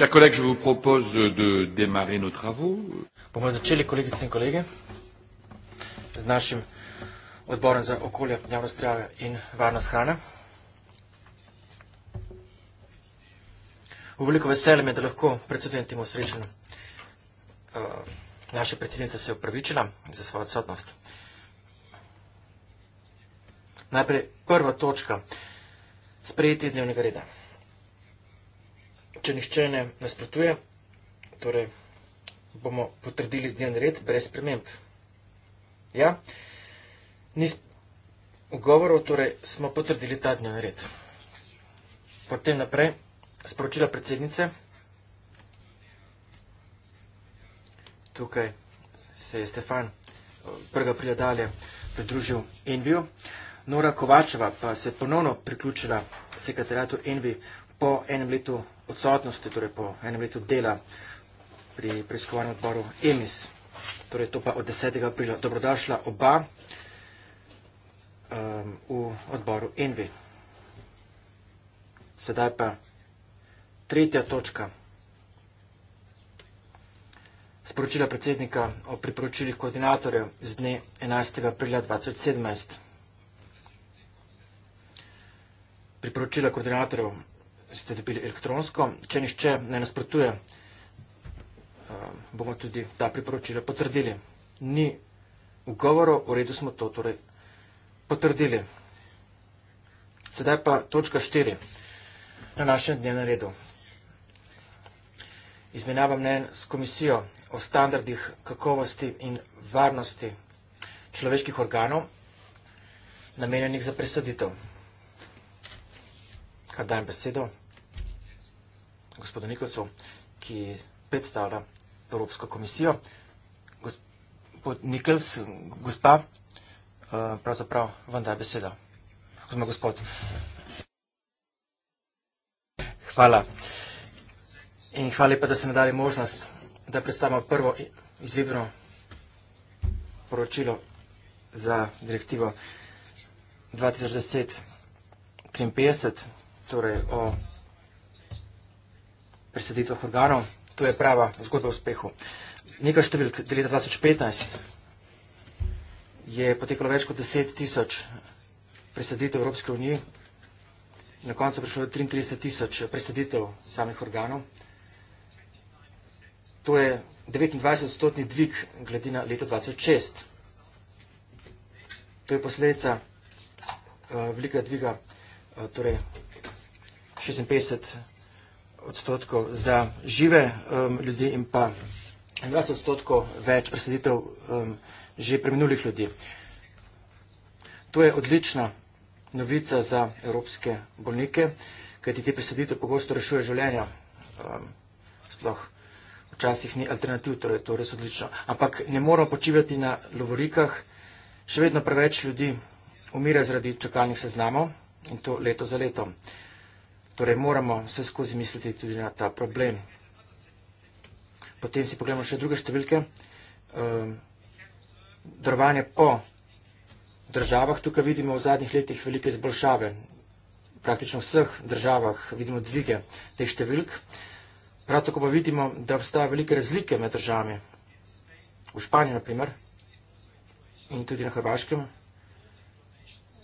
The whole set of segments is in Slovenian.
Chers collègues, je vous propose de démarrer nos travaux. Bomo začeli, kolegice in kolege, z našim odborom za okolje, javno zdravje in varnost hrane. V veliko veselje me, da lahko predsedujem temu srečanju. Eh, naša predsednica se je upravičila za svojo odsotnost. Najprej prva točka sprejetje dnevnega reda. Če nihče ne nasprotuje, torej bomo potrdili dnevni red brez sprememb. Ja, ni ugovorov, torej smo potrdili ta dnevni red. Potem naprej sporočila predsednice. Tukaj se je Stefan prga prijadalje pridružil Envijo. Nora Kovačeva pa se je ponovno priključila sekretariatu Envi po enem letu odsotnosti, torej po enem letu dela pri preiskovanju odboru EMIS. Torej to pa od 10. aprila. Dobrodošla oba um, v odboru ENVI. Sedaj pa tretja točka. Sporočila predsednika o priporočilih koordinatorjev z dne 11. aprila 2017. Priporočila koordinatorjev ste dobili elektronsko. Če nišče ne nasprotuje, eh, bomo tudi ta priporočila potrdili. Ni ugovorov, v redu smo to torej potrdili. Sedaj pa točka štiri na našem dnevnem redu. Izmenjava mnen s komisijo o standardih kakovosti in varnosti človeških organov, namenjenih za presaditev. Kar dajem besedo gospodu Nikolcu, ki predstavlja Evropsko komisijo. Gospod Nikels, gospa, eh, pravzaprav vam daj besedo. Gospod, gospod. Hvala. In hvala lepa, da ste mi dali možnost, da predstavimo prvo izvedbeno poročilo za direktivo 2010-53, torej o presaditvah organov. To je prava zgodba o uspehu. Nekaj številk, da leta 2015 je potekalo več kot 10 tisoč presaditev Evropske unije, na koncu prišlo 33 tisoč presaditev samih organov. To je 29-stotni dvig glede na leto 2006. To je posledica eh, velika dviga, eh, torej 56 odstotkov za žive um, ljudi in pa 20 odstotkov več presaditev um, že preminulih ljudi. To je odlična novica za evropske bolnike, kajti te presaditve pogosto rešuje življenja. Um, sloh včasih ni alternativ, torej to je res odlično. Ampak ne moramo počivati na lovorikah. Še vedno preveč ljudi umira zaradi čakalnih seznamov in to leto za letom. Torej moramo vse skozi misliti tudi na ta problem. Potem si pogledamo še druge številke. Ehm, Drvanje po državah. Tukaj vidimo v zadnjih letih velike izboljšave. Praktično v vseh državah vidimo dvige teh številk. Prav tako pa vidimo, da obstaja velike razlike med državami. V Španiji, na primer, in tudi na Hrvaškem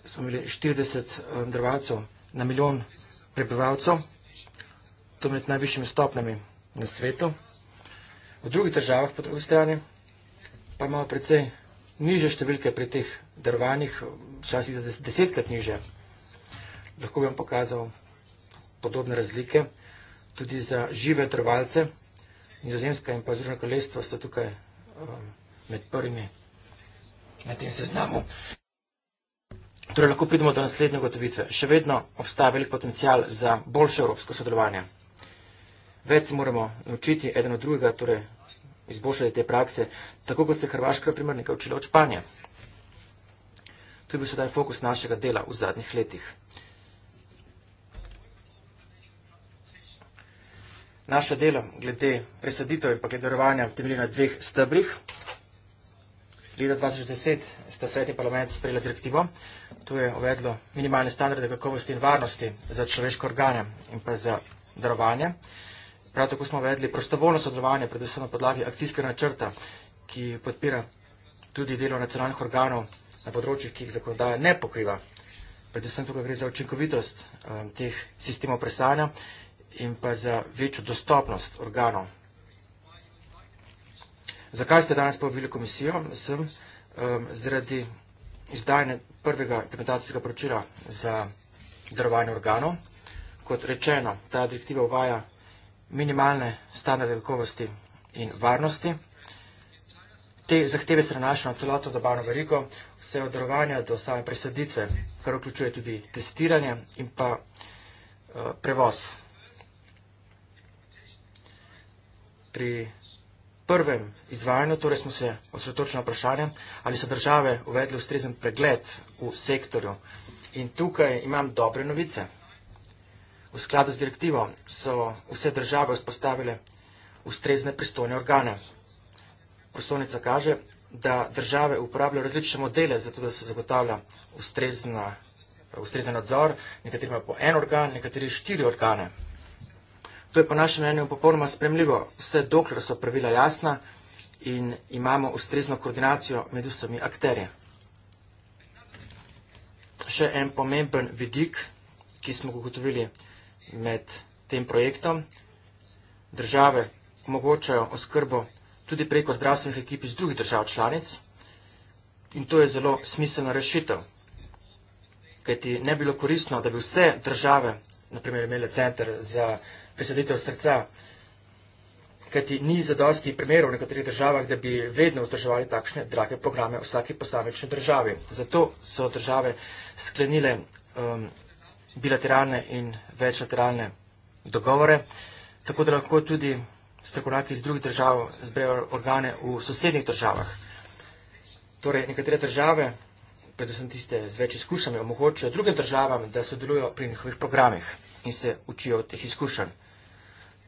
smo imeli 40 ehm, drvacov na milijon državov prebivalcev, to med najvišjimi stopnjami na svetu. V drugih državah, po drugi strani, pa imamo precej niže številke pri teh darovanjih, včasih za desetkrat niže. Lahko bi vam pokazal podobne razlike tudi za žive darovalce. Nizozemska in pa Združeno kraljestvo sta tukaj um, med prvimi na tem seznamu. Torej lahko pridemo do naslednje gotovitve. Še vedno obstaja velik potencial za boljše evropsko sodelovanje. Več se moramo naučiti eden od drugega, torej izboljšati te prakse, tako kot se Hrvaška, primer, nekaj učila od Španije. To je bil sedaj fokus našega dela v zadnjih letih. Naše delo glede presaditev in pa glede darovanja temelji na dveh stebrih. Leta 2010 sta svet in parlament sprejela direktivo, to je uvedlo minimalne standarde kakovosti in varnosti za človeške organe in pa za darovanje. Prav tako smo uvedli prostovoljno sodelovanje, predvsem na podlagi akcijskega načrta, ki podpira tudi delo nacionalnih organov na področjih, ki jih zakonodaja ne pokriva. Predvsem tukaj gre za učinkovitost um, teh sistemov presanja in pa za večjo dostopnost organov Zakaj ste danes povabili komisijo? Sem um, zaradi izdajanja prvega implementacijskega poročila za darovanje organov. Kot rečeno, ta direktiva uvaja minimalne standarde kakovosti in varnosti. Te zahteve se nanašajo na celotno dobavno verigo, vse od darovanja do same presaditve, kar vključuje tudi testiranje in pa uh, prevoz. Pri prvem izvajanju torej smo se osredotočili na vprašanje, ali so države uvedli ustrezen pregled v sektorju. In tukaj imam dobre novice. V skladu z direktivo so vse države vzpostavile ustrezne pristojne organe. Prostornica kaže, da države uporabljajo različne modele, zato da se zagotavlja ustrezna, ustrezen nadzor, nekateri imajo po en organ, nekateri štiri organe. To je po našem mnenju popolnoma spremljivo, vse dokler so pravila jasna in imamo ustrezno koordinacijo med vsemi akterje. Še en pomemben vidik, ki smo ga ugotovili med tem projektom. Države omogočajo oskrbo tudi preko zdravstvenih ekip iz drugih držav članic in to je zelo smiselna rešitev, kajti ne bilo koristno, da bi vse države, naprimer imele center za zdravstvenih, presaditev srca. Kajti ni zadosti primerov v nekaterih državah, da bi vedno vzdrževali takšne drage programe v vsaki posamečni državi. Zato so države sklenile um, bilateralne in večlateralne dogovore, tako da lahko tudi strokovnjaki iz drugih držav zberejo organe v sosednjih državah. Torej, nekatere države, predvsem tiste z več izkušnjami, omogočajo drugim državam, da sodelujo pri njihovih programih in se učijo od teh izkušenj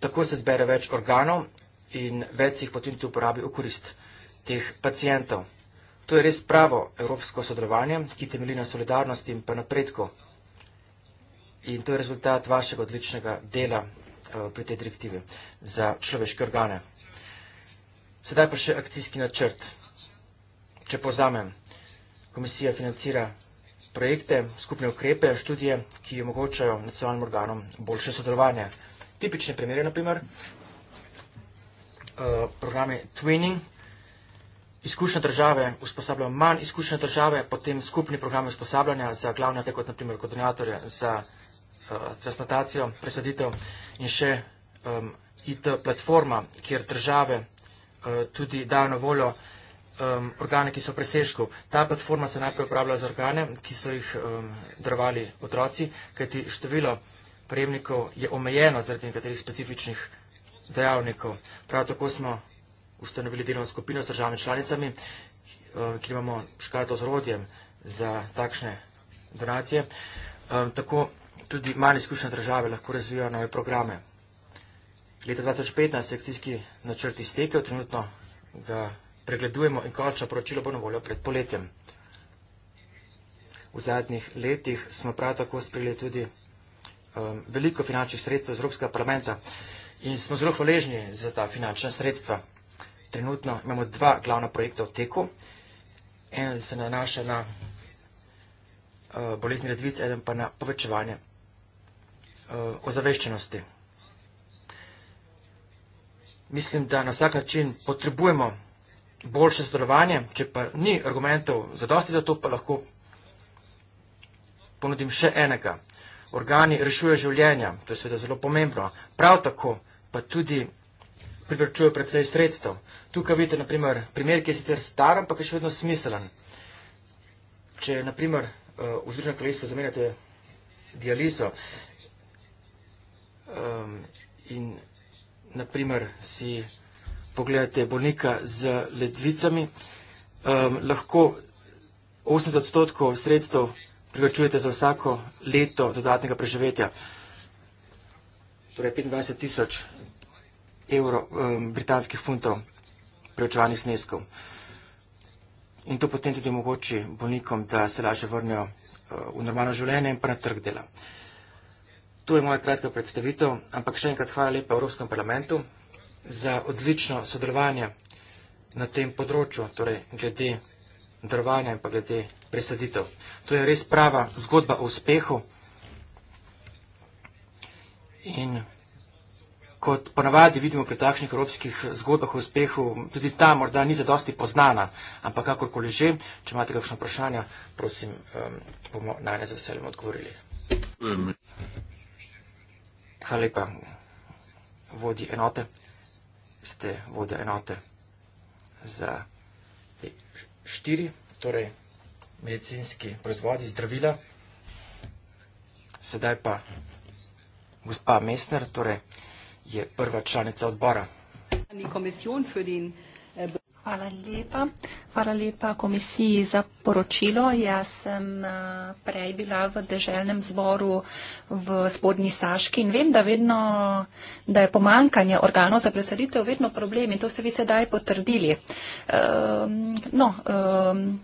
tako se zbere več organov in več jih potem tudi uporabi v korist teh pacijentov. To je res pravo evropsko sodelovanje, ki temelji na solidarnosti in pa napredku. In to je rezultat vašega odličnega dela eh, pri tej direktivi za človeške organe. Sedaj pa še akcijski načrt. Če povzamem, komisija financira projekte, skupne ukrepe, študije, ki omogočajo nacionalnim organom boljše sodelovanje tipične primere, naprimer, uh, eh, programe Twinning, izkušnje države usposabljajo manj izkušnje države, potem skupni programe usposabljanja za glavnjake, kot naprimer kot donatorje za uh, eh, transplantacijo, presaditev in še um, IT platforma, kjer države uh, tudi dajo na voljo um, organe, ki so presežku. Ta platforma se najprej uporablja za organe, ki so jih um, darovali otroci, kajti število prejemnikov je omejeno zaradi nekaterih specifičnih dejavnikov. Prav tako smo ustanovili delovno skupino s državnimi članicami, eh, ki imamo škato z rodjem za takšne donacije. Eh, tako tudi manj izkušnje države lahko razvijajo nove programe. Leta 2015 sekcijski načrt iztekel, trenutno ga pregledujemo in končno poročilo bo na voljo pred poletjem. V zadnjih letih smo prav tako sprejeli tudi um, veliko finančnih sredstev iz Evropskega parlamenta in smo zelo hvaležni za ta finančna sredstva. Trenutno imamo dva glavna projekta v teku. En se nanaša na uh, bolezni ledvic, eden pa na povečevanje uh, ozaveščenosti. Mislim, da na vsak način potrebujemo boljše sodelovanje, če pa ni argumentov za dosti za to, pa lahko ponudim še enega organi rešuje življenja, to je seveda zelo pomembno. Prav tako pa tudi privrčuje predvsej sredstev. Tukaj vidite, naprimer, primer, ki je sicer star, ampak je še vedno smiselen. Če, naprimer, eh, v združenem kraljestvu zamenjate dializo ehm, in, naprimer, si pogledate bolnika z ledvicami, ehm, lahko 80 odstotkov sredstev privrčujete za vsako leto dodatnega preživetja. Torej 25 tisoč evrov britanskih funtov preučevanih sneskov. In to potem tudi omogoči bolnikom, da se lažje vrnejo eh, v normalno življenje in pa na trg dela. To je moja kratka predstavitev, ampak še enkrat hvala lepa Evropskem parlamentu za odlično sodelovanje na tem področju, torej glede darovanja in pa glede presaditev. To je res prava zgodba o uspehu. In kot ponavadi vidimo pri takšnih evropskih zgodbah o uspehu, tudi ta morda ni zadosti poznana, ampak kakorkoli že, če imate kakšno vprašanje, prosim, bomo naj ne z veseljem odgovorili. Hvala lepa, vodi enote. Ste vodja enote za e štiri, torej medicinski proizvodi, zdravila. Sedaj pa gospa Mesner, torej je prva članica odbora. Eh, Hvala lepa. Hvala lepa komisiji za poročilo. Jaz sem eh, prej bila v državnem zboru v spodnji Saški in vem, da, vedno, da je pomankanje organov za presaditev vedno problem in to ste vi sedaj potrdili. Um, no, um,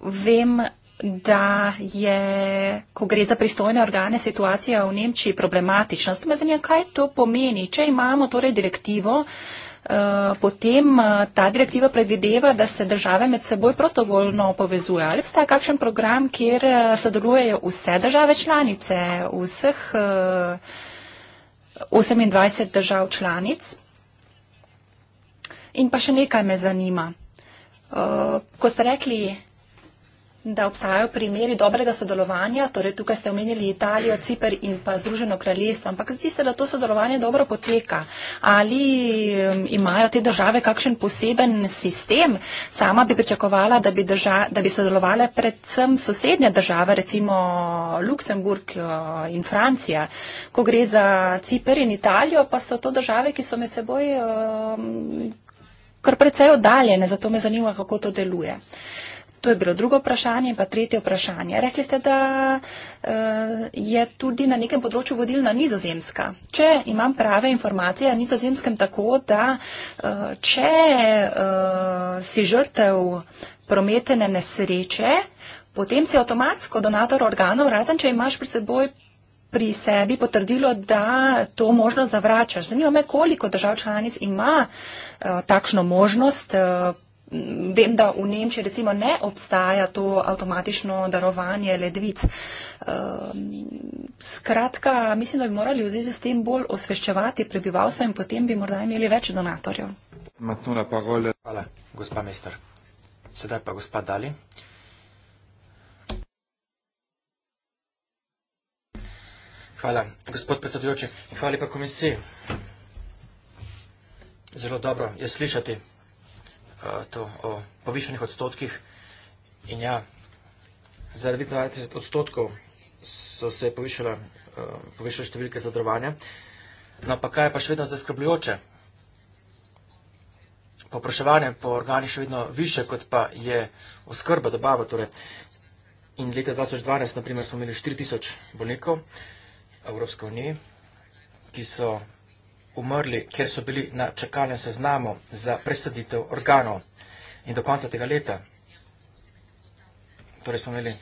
vem, da je, ko gre za pristojne organe, situacija v Nemčiji problematična. Zato me zanima, kaj to pomeni. Če imamo torej direktivo, eh, potem eh, ta direktiva predvideva, da se države med seboj prostovoljno povezuje. Ali obstaja kakšen program, kjer eh, sodelujejo vse države članice, vseh 28 držav članic? In pa še nekaj me zanima. Uh, ko ste rekli, da obstajajo primeri dobrega sodelovanja, torej tukaj ste omenili Italijo, Cipr in pa Združeno kraljestvo, ampak zdi se, da to sodelovanje dobro poteka. Ali um, imajo te države kakšen poseben sistem? Sama bi pričakovala, da bi, drža, da bi sodelovali predvsem sosednje države, recimo Luksemburg uh, in Francija. Ko gre za Cipr in Italijo, pa so to države, ki so med seboj um, kar precej oddaljene, zato me zanima, kako to deluje. To je bilo drugo vprašanje in pa tretje vprašanje. Rekli ste, da eh, je tudi na nekem področju vodilna nizozemska. Če imam prave informacije na nizozemskem tako, da eh, če eh, si žrtev prometene nesreče, potem si avtomatsko donator organov, razen če imaš pri seboj pri sebi potrdilo, da to možnost zavračaš. Zanima me, koliko držav članic ima uh, takšno možnost uh, vem, da v Nemčiji recimo ne obstaja to avtomatično darovanje ledvic. Ehm, skratka, mislim, da bi morali v zvezi s tem bolj osveščevati prebivalstvo in potem bi morda imeli več donatorjev. Hvala, gospa mester. Sedaj pa gospa Dali. Hvala, gospod predsedujoči. Hvala pa komisiji. Zelo dobro je slišati Eh, to, o povišenih odstotkih. In ja, za 29 odstotkov so se povišala, eh, povišale številke zadrovanja. No, pa kaj je pa še vedno zaskrbljujoče? Poprašovanje po organih še vedno više, kot pa je oskrba, dobava. Torej. In leta 2012, naprimer, smo imeli 4000 bolnikov Evropske unije, ki so umrli, ker so bili na čakalnem seznamu za presaditev organov. In do konca tega leta, torej smo imeli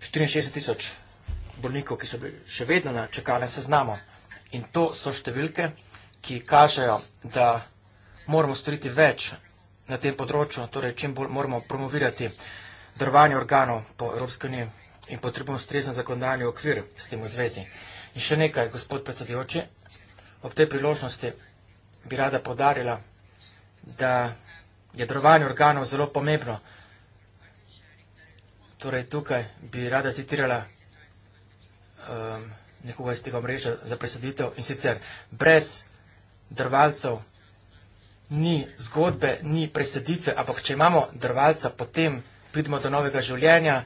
64 tisoč bolnikov, ki so bili še vedno na čakalnem seznamu. In to so številke, ki kažejo, da moramo storiti več na tem področju, torej čim bolj moramo promovirati darovanje organov po Evropski uniji in potrebujemo ustrezen zakonodajni okvir s tem v zvezi. In še nekaj, gospod predsedujoči, Ob tej priložnosti bi rada podarila, da je drovanje organov zelo pomembno. Torej, tukaj bi rada citirala um, nekoga iz tega mreža za presaditev in sicer brez drvalcev ni zgodbe, ni presaditve, ampak če imamo drvalca, potem pridemo do novega življenja,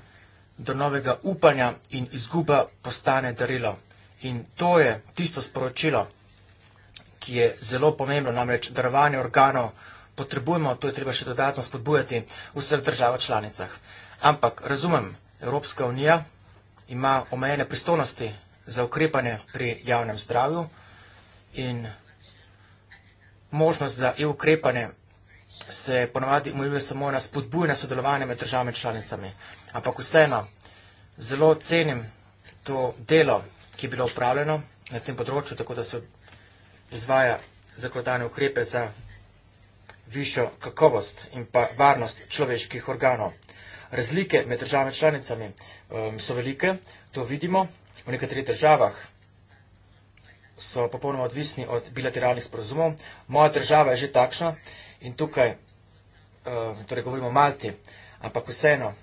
do novega upanja in izguba postane darilo. In to je tisto sporočilo, ki je zelo pomembno, namreč darovanje organov potrebujemo, to je treba še dodatno spodbujati v vseh državah članicah. Ampak razumem, Evropska unija ima omejene pristojnosti za ukrepanje pri javnem zdravju in možnost za EU ukrepanje se ponovadi omejuje samo na spodbujanje sodelovanja med državami članicami. Ampak vseeno, zelo cenim to delo, ki je bilo upravljeno na tem področju, tako da se izvaja zakladane ukrepe za višjo kakovost in pa varnost človeških organov. Razlike med državami članicami um, so velike, to vidimo. V nekaterih državah so popolnoma odvisni od bilateralnih sporozumov. Moja država je že takšna in tukaj, um, torej govorimo o Malti, ampak vseeno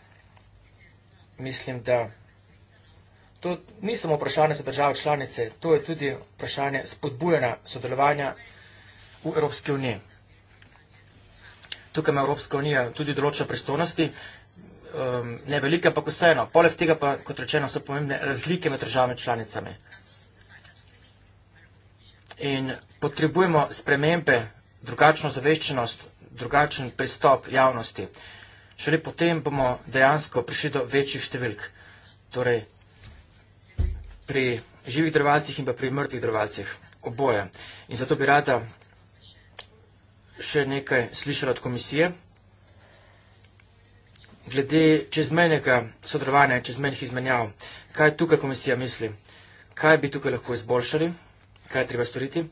mislim, da To ni samo vprašanje za države članice, to je tudi vprašanje spodbujanja sodelovanja v Evropski uniji. Tukaj ima Evropska unija tudi določene pristojnosti, um, ne velike, ampak vseeno. Poleg tega pa, kot rečeno, so pomembne razlike med državami članicami. In potrebujemo spremembe, drugačno zaveščenost, drugačen pristop javnosti. Šele potem bomo dejansko prišli do večjih številk. Torej, pri živih drvacih in pa pri mrtvih drvacih. Oboje. In zato bi rada še nekaj slišala od komisije. Glede čezmenjega sodelovanja in čezmenjih izmenjav, kaj tukaj komisija misli, kaj bi tukaj lahko izboljšali, kaj treba storiti.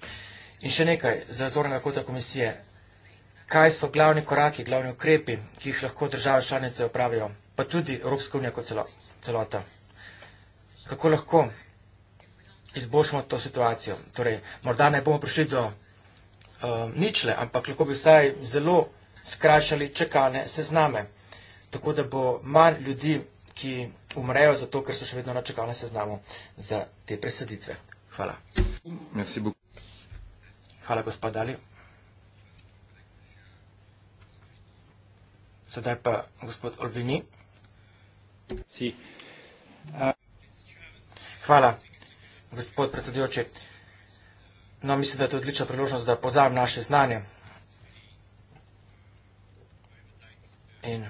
In še nekaj za zornega kota komisije, kaj so glavni koraki, glavni ukrepi, ki jih lahko države članice opravijo, pa tudi Evropska unija kot celo, celota. Kako lahko izboljšamo to situacijo. Torej, morda ne bomo prišli do uh, ničle, ampak lahko bi vsaj zelo skrajšali čakalne sezname, tako da bo manj ljudi, ki umrejo zato, ker so še vedno na čakalnem seznamu za te presaditve. Hvala. Hvala, gospod Dali. Sedaj pa gospod Olvini. Hvala gospod predsedujoči. No, mislim, da je to odlična priložnost, da pozavim naše znanje. In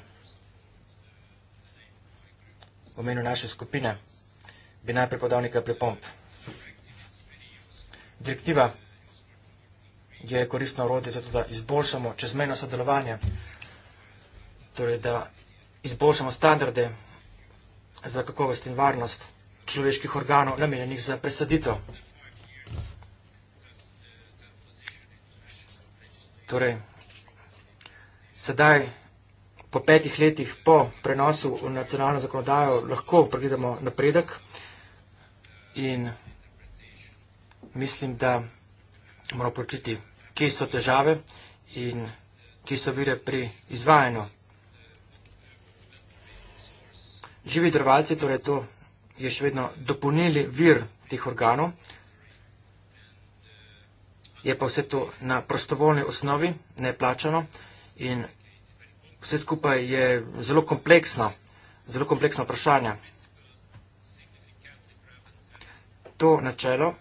v menu naše skupine bi najprej podal nekaj pripomp. Direktiva je koristno urodje za to, da izboljšamo čezmeno sodelovanje, torej da izboljšamo standarde za kakovost in varnost človeških organov, namenjenih za presaditev. Torej, sedaj, po petih letih po prenosu v nacionalno zakonodajo, lahko pregledamo napredek in mislim, da moramo početi, kje so težave in kje so vire pri izvajanju. Živi drvalci, torej to je še vedno dopolnili vir teh organov. Je pa vse to na prostovoljni osnovi, neplačano in vse skupaj je zelo kompleksno, zelo kompleksno vprašanje. To načelo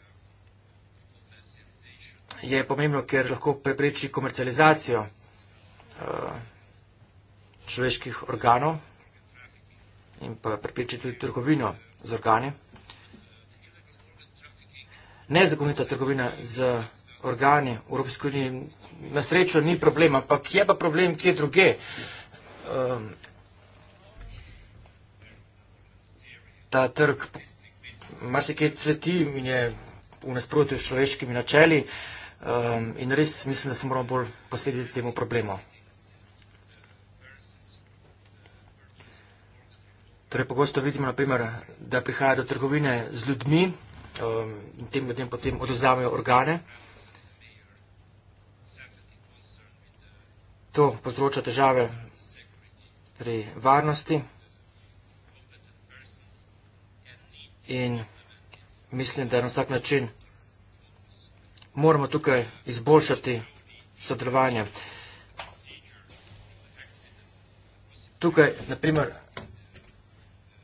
je pomembno, ker lahko prepreči komercializacijo eh, človeških organov in pa prepreči tudi trgovino z organi. Nezakonita trgovina z organi v Evropski uniji na srečo ni problem, ampak je pa problem kje druge. Um, ta trg marsikaj cveti in je v nasprotju s človeškimi načeli um, in res mislim, da se moramo bolj posvetiti temu problemu. Torej, pogosto vidimo, naprimer, da prihaja do trgovine z ljudmi um, in tem ljudem potem odozdavljajo organe. To povzroča težave pri varnosti in mislim, da na vsak način moramo tukaj izboljšati sodelovanje. Tukaj, naprimer,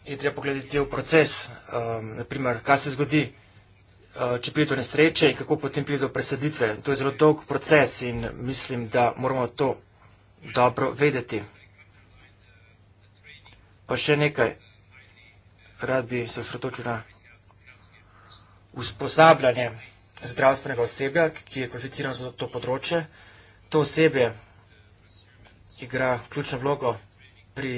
je treba pogledati cel proces, um, naprimer, kaj se zgodi, uh, če pride do nesreče in kako potem pride do presaditve. To je zelo dolg proces in mislim, da moramo to dobro vedeti. Pa še nekaj, rad bi se osredotočil na usposabljanje zdravstvenega osebja, ki je kvalificirano za to področje. To osebje igra ključno vlogo pri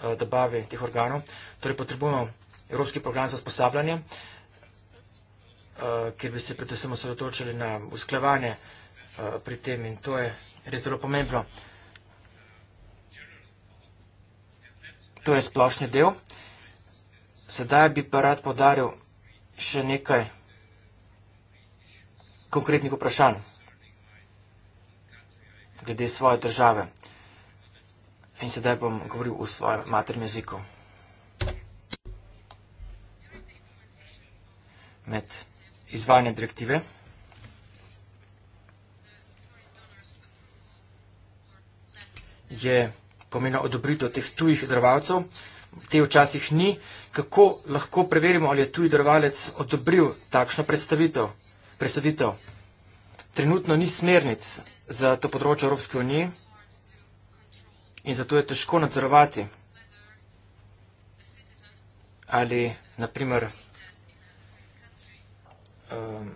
Eh, dobavi teh organov. Torej potrebujemo evropski program za usposabljanje, eh, kjer bi se predvsem osredotočili na usklevanje eh, pri tem in to je res zelo pomembno. To je splošni del. Sedaj bi pa rad podaril še nekaj konkretnih vprašanj glede svoje države. In sedaj bom govoril v svojem maternem jeziku. Med izvajanjem direktive je pomena odobritev teh tujih darovalcev. Te včasih ni. Kako lahko preverimo, ali je tuji darovalec odobril takšno predstavitev? predstavitev? Trenutno ni smernic za to področje Evropske unije in zato je težko nadzorovati. Ali, naprimer, um, ehm,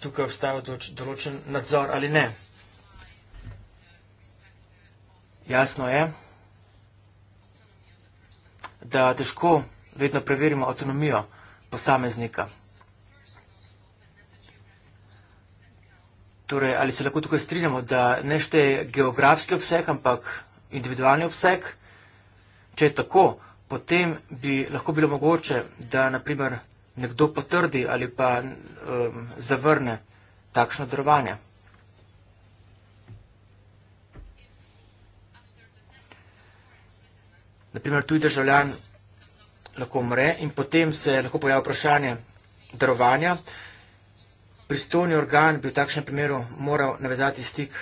tukaj obstaja določen nadzor ali ne. Jasno je, da težko vedno preverimo avtonomijo posameznika. Torej, ali se lahko tukaj strinjamo, da ne šteje geografski obseg, ampak individualni obseg? Če je tako, potem bi lahko bilo mogoče, da naprimer nekdo potrdi ali pa um, zavrne takšno darovanje. Naprimer, tuji državljan lahko umre in potem se lahko pojavi vprašanje darovanja. Uh, pristojni organ bi v takšnem primeru moral navezati stik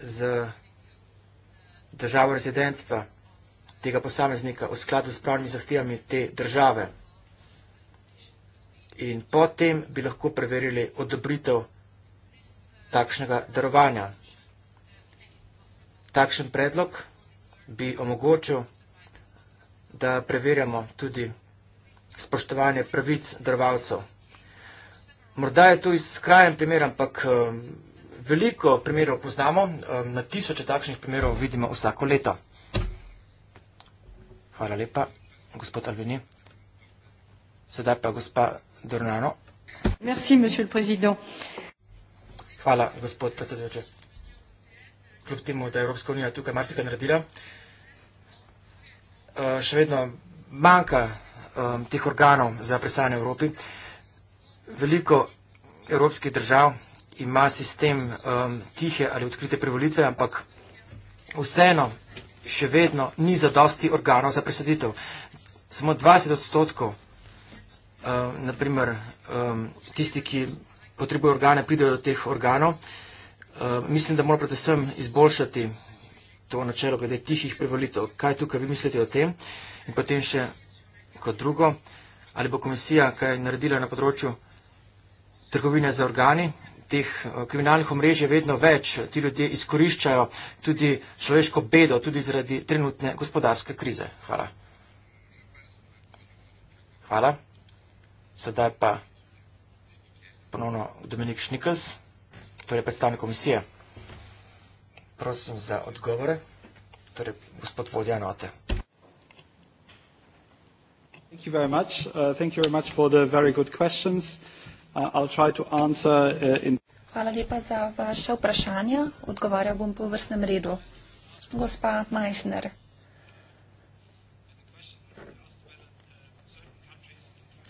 z državo rezidentstva tega posameznika v skladu s pravnimi zahtevami te države. In potem bi lahko preverili odobritev takšnega darovanja. Takšen predlog bi omogočil, da preverjamo tudi spoštovanje pravic darovalcev. Morda je to izkrajen primer, ampak um, veliko primerov poznamo, um, na tisoče takšnih primerov vidimo vsako leto. Hvala lepa, gospod Alvini. Sedaj pa gospa Dornano. Merci, Hvala, gospod predsedujoče. Kljub temu, da je Evropska unija tukaj marsikaj naredila, uh, še vedno manjka um, teh organov za presajanje v Evropi veliko evropskih držav ima sistem um, tihe ali odkrite privolitve, ampak vseeno še vedno ni zadosti organov za presaditev. Samo 20 odstotkov, um, naprimer um, tisti, ki potrebujo organe, pridejo do teh organov. Um, mislim, da mora predvsem izboljšati to načelo glede tihih privolitev. Kaj tukaj vi mislite o tem? In potem še kot drugo, ali bo komisija kaj naredila na področju trgovine z organi. Teh eh, kriminalnih omrežij je vedno več, ti ljudje izkoriščajo tudi človeško bedo, tudi zaradi trenutne gospodarske krize. Hvala. Hvala. Sedaj pa ponovno Dominik Šnikels, torej predstavnik komisije. Prosim za odgovore, torej gospod vodja enote. Thank you very much. Uh, thank you very much for the very good questions. Uh, Uh, uh, Hvala lepa za vaše vprašanje. Odgovarjal bom po vrstnem redu. Gospa Meissner.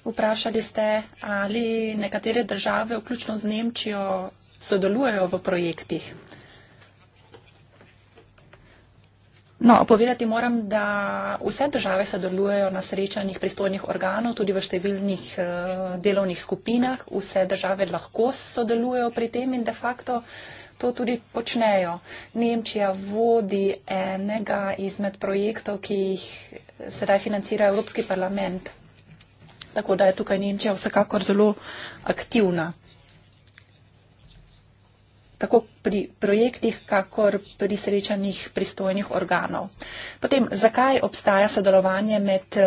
Vprašali ste, ali nekatere države, vključno z Nemčijo, sodelujejo v projektih. No, povedati moram, da vse države sodelujejo na srečanjih pristojnih organov, tudi v številnih uh, delovnih skupinah. Vse države lahko sodelujejo pri tem in de facto to tudi počnejo. Nemčija vodi enega izmed projektov, ki jih sedaj financira Evropski parlament. Tako da je tukaj Nemčija vsekakor zelo aktivna tako pri projektih, kakor pri srečanjih pristojnih organov. Potem, zakaj obstaja sodelovanje med eh,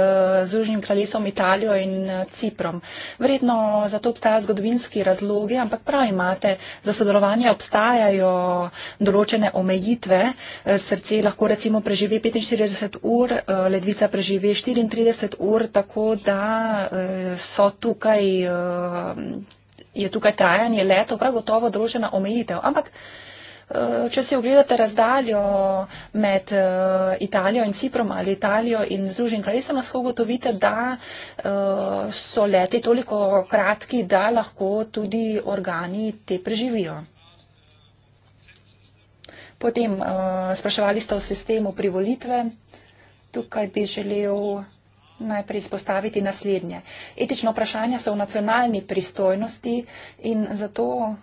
Združenim kraljestvom Italijo in eh, Ciprom? Verjetno za to obstajajo zgodovinski razlogi, ampak prav imate, za sodelovanje obstajajo določene omejitve. Eh, srce lahko recimo preživi 45 ur, ledvica preživi 34 ur, tako da so tukaj je tukaj trajanje letov prav gotovo družena omejitev. Ampak eh, če si ogledate razdaljo med eh, Italijo in Ciprom ali Italijo in Združenim kraljestvom, lahko ugotovite, da eh, so leti toliko kratki, da lahko tudi organi te preživijo. Potem uh, spraševali ste o sistemu privolitve. Tukaj bi želel najprej izpostaviti naslednje. Etično vprašanje so v nacionalni pristojnosti in zato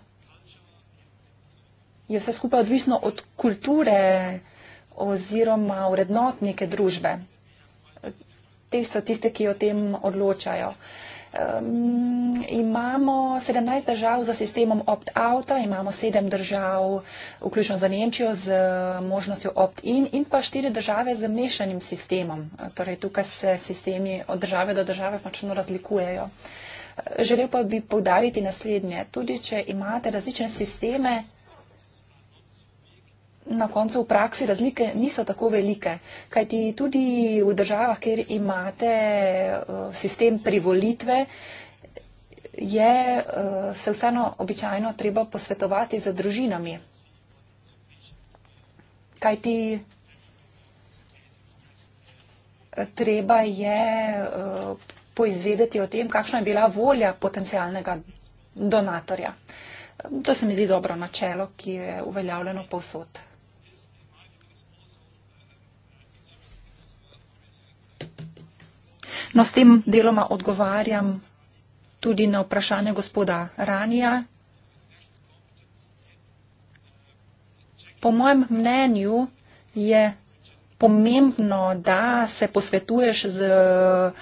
je vse skupaj odvisno od kulture oziroma urednotnike družbe. Te so tiste, ki o tem odločajo. Uh, um, imamo 17 držav za sistemom opt-outa, imamo 7 držav, vključno za Nemčijo, z možnostjo opt-in in pa 4 države z mešanim sistemom. Torej, tukaj se sistemi od države do države močno razlikujejo. Želel pa bi povdariti naslednje. Tudi, če imate različne sisteme, na koncu v praksi razlike niso tako velike. Kajti tudi v državah, kjer imate eh, sistem privolitve, je eh, se vseeno običajno treba posvetovati za družinami. Kajti eh, treba je poizvedeti o tem, kakšna je bila volja potencijalnega donatorja. To se mi zdi dobro načelo, ki je uveljavljeno povsod. No, s tem deloma odgovarjam tudi na vprašanje gospoda Ranija. Po mojem mnenju je pomembno, da se posvetuješ z eh,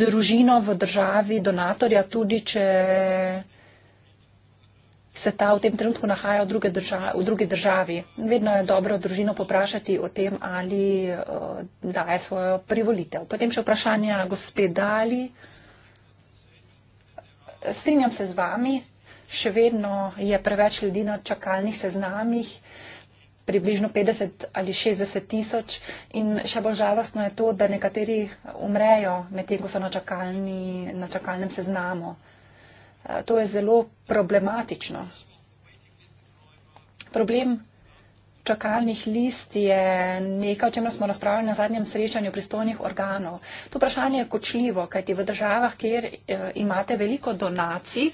družino v državi donatorja, tudi če se ta v tem trenutku nahaja v, druge držav, v drugi državi. Vedno je dobro družino poprašati o tem, ali uh, daje svojo privolitev. Potem še vprašanje gospedali. Strinjam se z vami, še vedno je preveč ljudi na čakalnih seznamih, približno 50 ali 60 tisoč in še bolj žalostno je to, da nekateri umrejo med tem, ko so na, čakalni, na čakalnem seznamu. To je zelo problematično. Problem čakalnih list je nekaj, o čemer smo razpravljali na zadnjem srečanju pristojnih organov. To vprašanje je kočljivo, kajti v državah, kjer e, imate veliko donacij,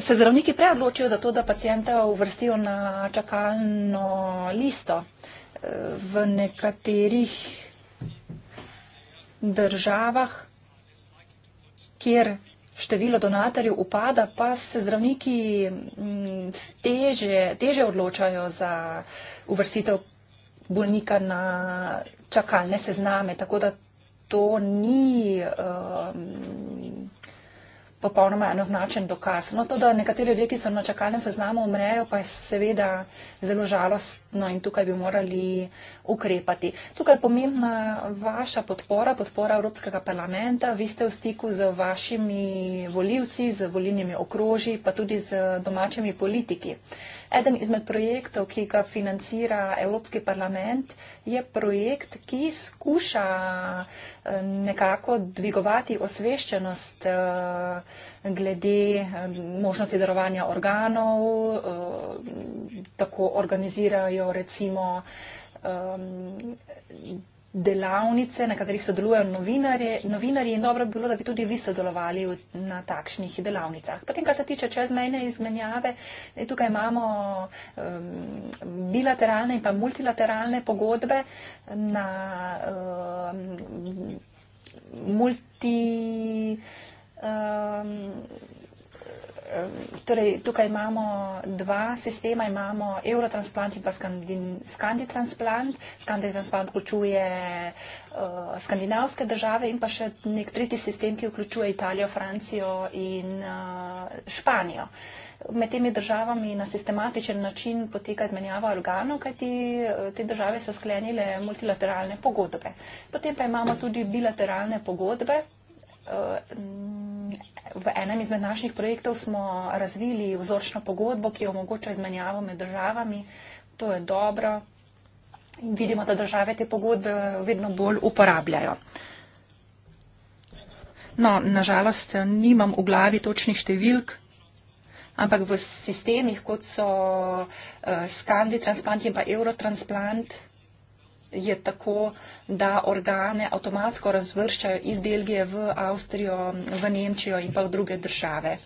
se zdravniki preodločijo za to, da pacijente uvrstijo na čakalno listo. E, v nekaterih državah, kjer število donatorjev upada, pa se zdravniki mm, teže, teže odločajo za uvrstitev bolnika na čakalne sezname. Tako da to ni um, popolnoma enoznačen dokaz. No, to, da nekateri ljudje, ki so na čakalnem seznamu, umrejo, pa je seveda zelo žalost. No, in tukaj bi morali ukrepati. Tukaj je pomembna vaša podpora, podpora Evropskega parlamenta. Vi ste v stiku z vašimi voljivci, z volilnimi okroži, pa tudi z domačimi politiki. Eden izmed projektov, ki ga financira Evropski parlament, je projekt, ki skuša eh, nekako dvigovati osveščenost eh, glede eh, možnosti darovanja organov, eh, tako organizirajo recimo delavnice, na katerih sodelujejo novinarji in dobro bi bilo, da bi tudi vi sodelovali na takšnih delavnicah. Potem, kar se tiče čezmejne izmenjave, tukaj imamo bilateralne in pa multilateralne pogodbe na multilateralne Um, torej, tukaj imamo dva sistema, imamo eurotransplant in pa skanditransplant. Skanditransplant vključuje uh, skandinavske države in pa še nek tretji sistem, ki vključuje Italijo, Francijo in uh, Španijo. Med temi državami na sistematičen način poteka izmenjava organov, kajti eh, te države so sklenile multilateralne pogodbe. Potem pa imamo tudi bilateralne pogodbe, V enem izmed naših projektov smo razvili vzorčno pogodbo, ki omogoča izmenjavo med državami. To je dobro in vidimo, da države te pogodbe vedno bolj uporabljajo. No, nažalost, nimam v glavi točnih številk, ampak v sistemih, kot so uh, Scandi Transplant in pa Eurotransplant, uh, je tako, da organe avtomatsko razvrščajo iz Belgije v Avstrijo, v Nemčijo in pa v druge države.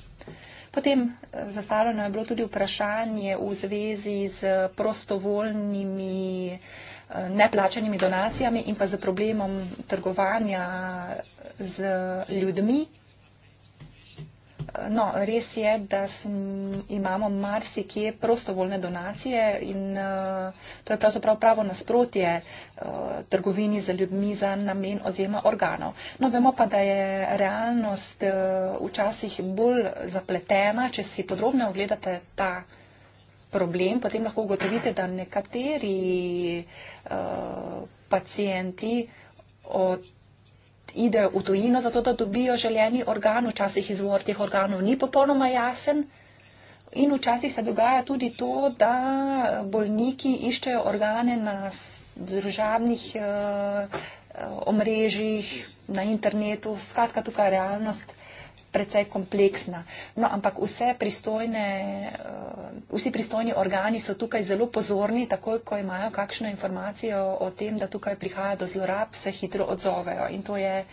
Potem eh, zastavljeno je bilo tudi vprašanje v zvezi z prostovoljnimi eh, neplačanimi donacijami in pa z problemom trgovanja z ljudmi no, res je, da sm, imamo marsikje prostovoljne donacije in uh, to je pravzaprav pravo nasprotje uh, trgovini za ljudmi za namen ozema organov. No, vemo pa, da je realnost uh, včasih bolj zapletena. Če si podrobno ogledate ta problem, potem lahko ugotovite, da nekateri uh, pacijenti od idejo v tujino, zato da dobijo željeni organ, včasih izvor teh organov ni popolnoma jasen. In včasih se dogaja tudi to, da bolniki iščejo organe na družabnih eh, eh omrežjih, na internetu, skratka tukaj realnost precej kompleksna. No, ampak pristojne, eh, vsi pristojni organi so tukaj zelo pozorni, takoj, ko imajo kakšno informacijo o tem, da tukaj prihaja do zlorab, se hitro odzovejo. In to je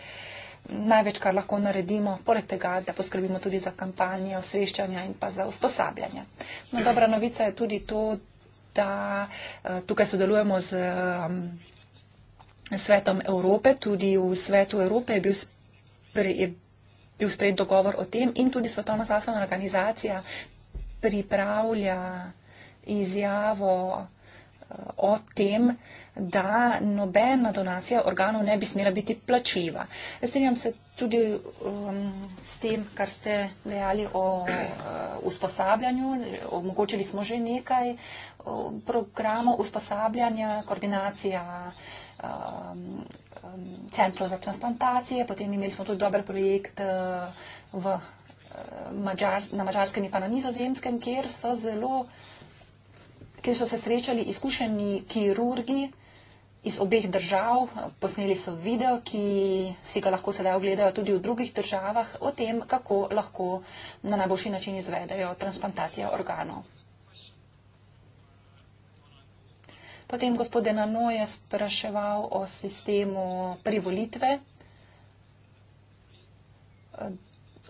največ, kar lahko naredimo, poleg tega, da poskrbimo tudi za kampanje, osveščanja in pa za usposabljanje. No, dobra novica je tudi to, da eh, tukaj sodelujemo z mm, svetom Evrope, tudi v svetu Evrope je bil. Pri, je bil sprejet dogovor o tem in tudi Svetovna zdravstvena organizacija pripravlja izjavo eh, o tem, da nobena donacija organov ne bi smela biti plačljiva. Strenjam se tudi um, s tem, kar ste dejali o uh, usposabljanju. Omogočili smo že nekaj uh, programov usposabljanja, koordinacija. Um, centrov za transplantacije, potem imeli smo tudi dober projekt eh, v, eh, mađar, na mačarskem in pa na nizozemskem, kjer so, zelo, kjer so se srečali izkušeni kirurgi iz obeh držav, posneli so video, ki si ga lahko sedaj ogledajo tudi v drugih državah, o tem, kako lahko na najboljši način izvedajo transplantacijo organov. Potem gospod Enano je spraševal o sistemu privolitve.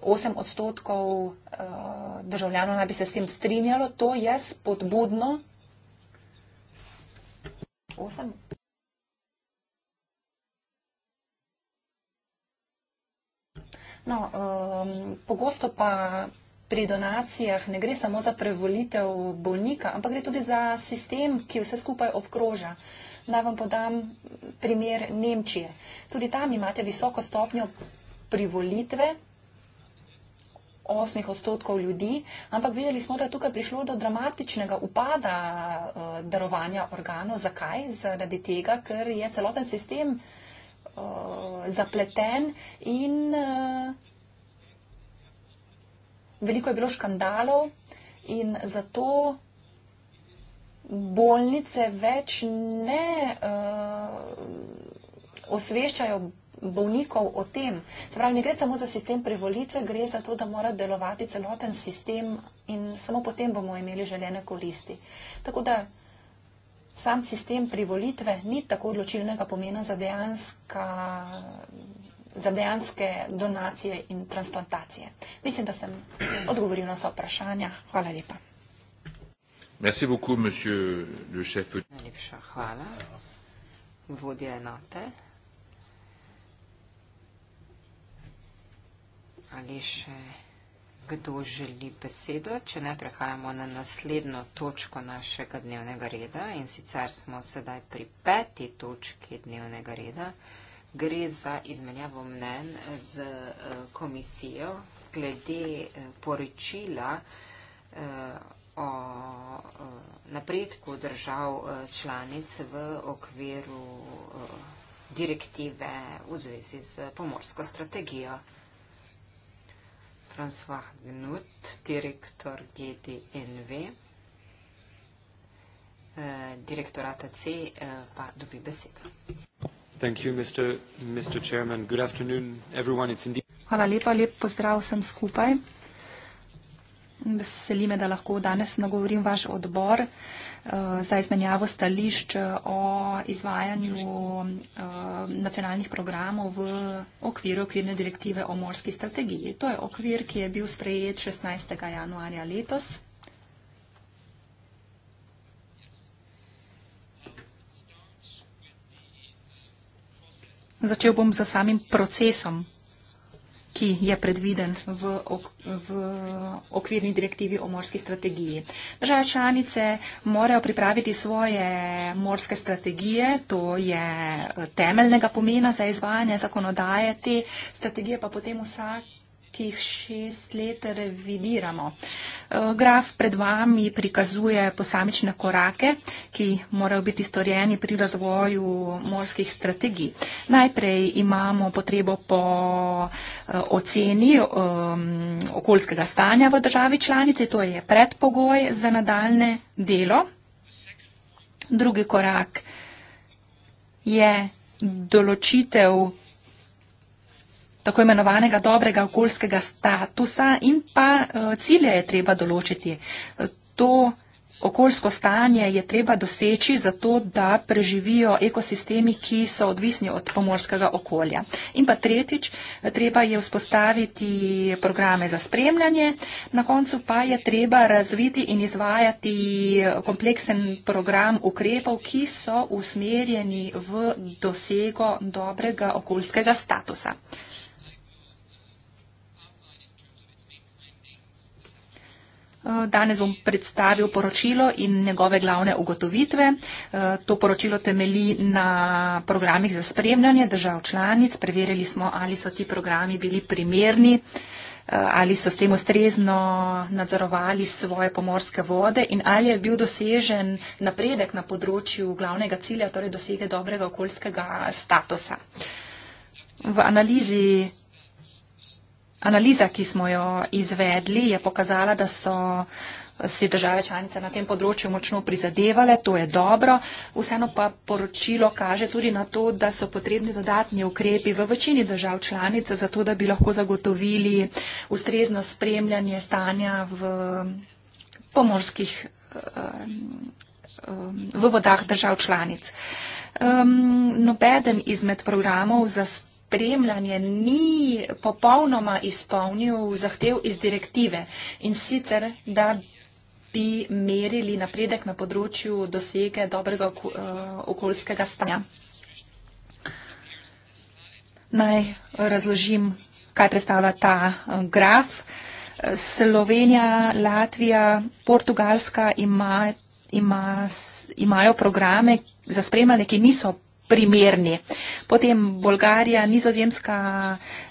Osem odstotkov eh, državljanov naj bi se s tem strinjalo. To je spodbudno. Osem. No, um, pogosto pa pri donacijah ne gre samo za prevolitev bolnika, ampak gre tudi za sistem, ki vse skupaj obkroža. Naj vam podam primer Nemčije. Tudi tam imate visoko stopnjo privolitve osmih odstotkov ljudi, ampak videli smo, da je tukaj prišlo do dramatičnega upada eh, darovanja organov. Zakaj? Zaradi tega, ker je celoten sistem eh, zapleten in eh, veliko je bilo škandalov in zato bolnice več ne uh, osveščajo bolnikov o tem. Se pravi, ne gre samo za sistem privolitve, gre za to, da mora delovati celoten sistem in samo potem bomo imeli želene koristi. Tako da sam sistem privolitve ni tako odločilnega pomena za dejanska za dejanske donacije in transplantacije. Mislim, da sem odgovoril na vsa vprašanja. Hvala lepa. Merci beaucoup, monsieur le chef. Najlepša hvala. Vodje enote. Ali še kdo želi besedo, če ne prehajamo na naslednjo točko našega dnevnega reda in sicer smo sedaj pri peti točki dnevnega reda gre za izmenjavo mnen z eh, komisijo glede eh, poročila eh, o napredku držav članic v okviru direktive v zvezi z pomorsko strategijo. François Gnut, direktor GDNV, direktorata C, pa dobi besedo. Hvala lepa, lep pozdrav vsem skupaj. Veseli me, da lahko danes nagovorim vaš odbor eh, za izmenjavo stališč eh, o izvajanju eh, nacionalnih programov v okviru okvirne direktive o morski strategiji. To je okvir, ki je bil sprejet 16. januarja letos Začel bom z samim procesom, ki je predviden v, ok, v okvirni direktivi o morski strategiji. Države članice morajo pripraviti svoje morske strategije, to je eh, temeljnega pomena za izvajanje zakonodaje, te strategije pa potem vsak ki jih šest let revidiramo. E, graf pred vami prikazuje posamične korake, ki morajo biti storjeni pri razvoju morskih strategij. Najprej imamo potrebo po e, oceni e, okoljskega stanja v državi članice, to je predpogoj za nadaljne delo. Drugi korak je določitev tako imenovanega dobrega okoljskega statusa in pa eh, cilje je treba določiti. Eh, to okoljsko stanje je treba doseči zato, da preživijo ekosistemi, ki so odvisni od pomorskega okolja. In pa tretjič, eh, treba je vzpostaviti programe za spremljanje, na koncu pa je treba razviti in izvajati kompleksen program ukrepov, ki so usmerjeni v dosego dobrega okoljskega statusa. Danes bom predstavil poročilo in njegove glavne ugotovitve. Eh, to poročilo temeli na programih za spremljanje držav članic. Preverili smo, ali so ti programi bili primerni, eh, ali so s tem ustrezno nadzorovali svoje pomorske vode in ali je bil dosežen napredek na področju glavnega cilja, torej dosege dobrega okoljskega statusa. V analizi Analiza, ki smo jo izvedli, je pokazala, da so si države članice na tem področju močno prizadevale, to je dobro. Vseeno pa poročilo kaže tudi na to, da so potrebni dodatni ukrepi v večini držav članic, zato da bi lahko zagotovili ustrezno spremljanje stanja v pomorskih um, um, v vodah držav članic. Um, nobeden izmed programov za spremljanje spremljanje ni popolnoma izpolnil zahtev iz direktive in sicer, da bi merili napredek na področju dosege dobrega eh, okoljskega stanja. Naj razložim, kaj predstavlja ta eh, graf. Slovenija, Latvija, Portugalska ima, ima, imajo programe za spremljanje, ki niso primerni. Potem Bolgarija, Nizozemska,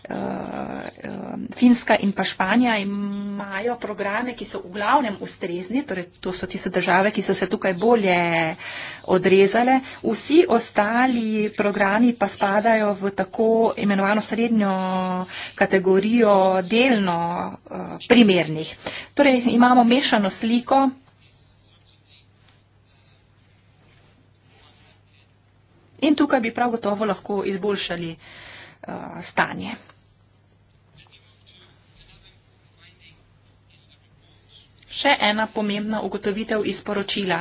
eh, eh, Finska in pa Španija imajo programe, ki so v glavnem ustrezni, torej to so tiste države, ki so se tukaj bolje odrezale. Vsi ostali programi pa spadajo v tako imenovano srednjo kategorijo delno eh, primernih. Torej imamo mešano sliko, In tukaj bi prav gotovo lahko izboljšali uh, stanje. Še ena pomembna ugotovitev iz poročila.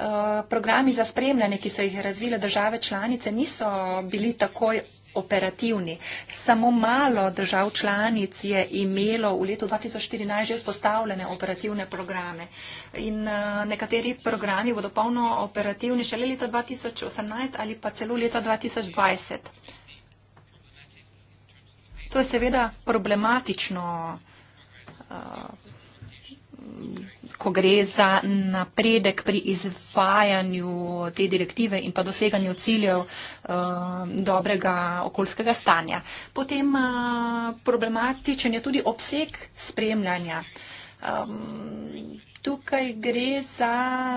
Eh, programi za spremljanje, ki so jih razvile države članice, niso bili takoj operativni. Samo malo držav članic je imelo v letu 2014 že vzpostavljene operativne programe. In eh, nekateri programi bodo polno operativni šele leta 2018 ali pa celo leta 2020. To je seveda problematično. Eh, ko gre za napredek pri izvajanju te direktive in pa doseganju ciljev uh, dobrega okoljskega stanja. Potem uh, problematičen je tudi obseg spremljanja. Um, Tukaj gre za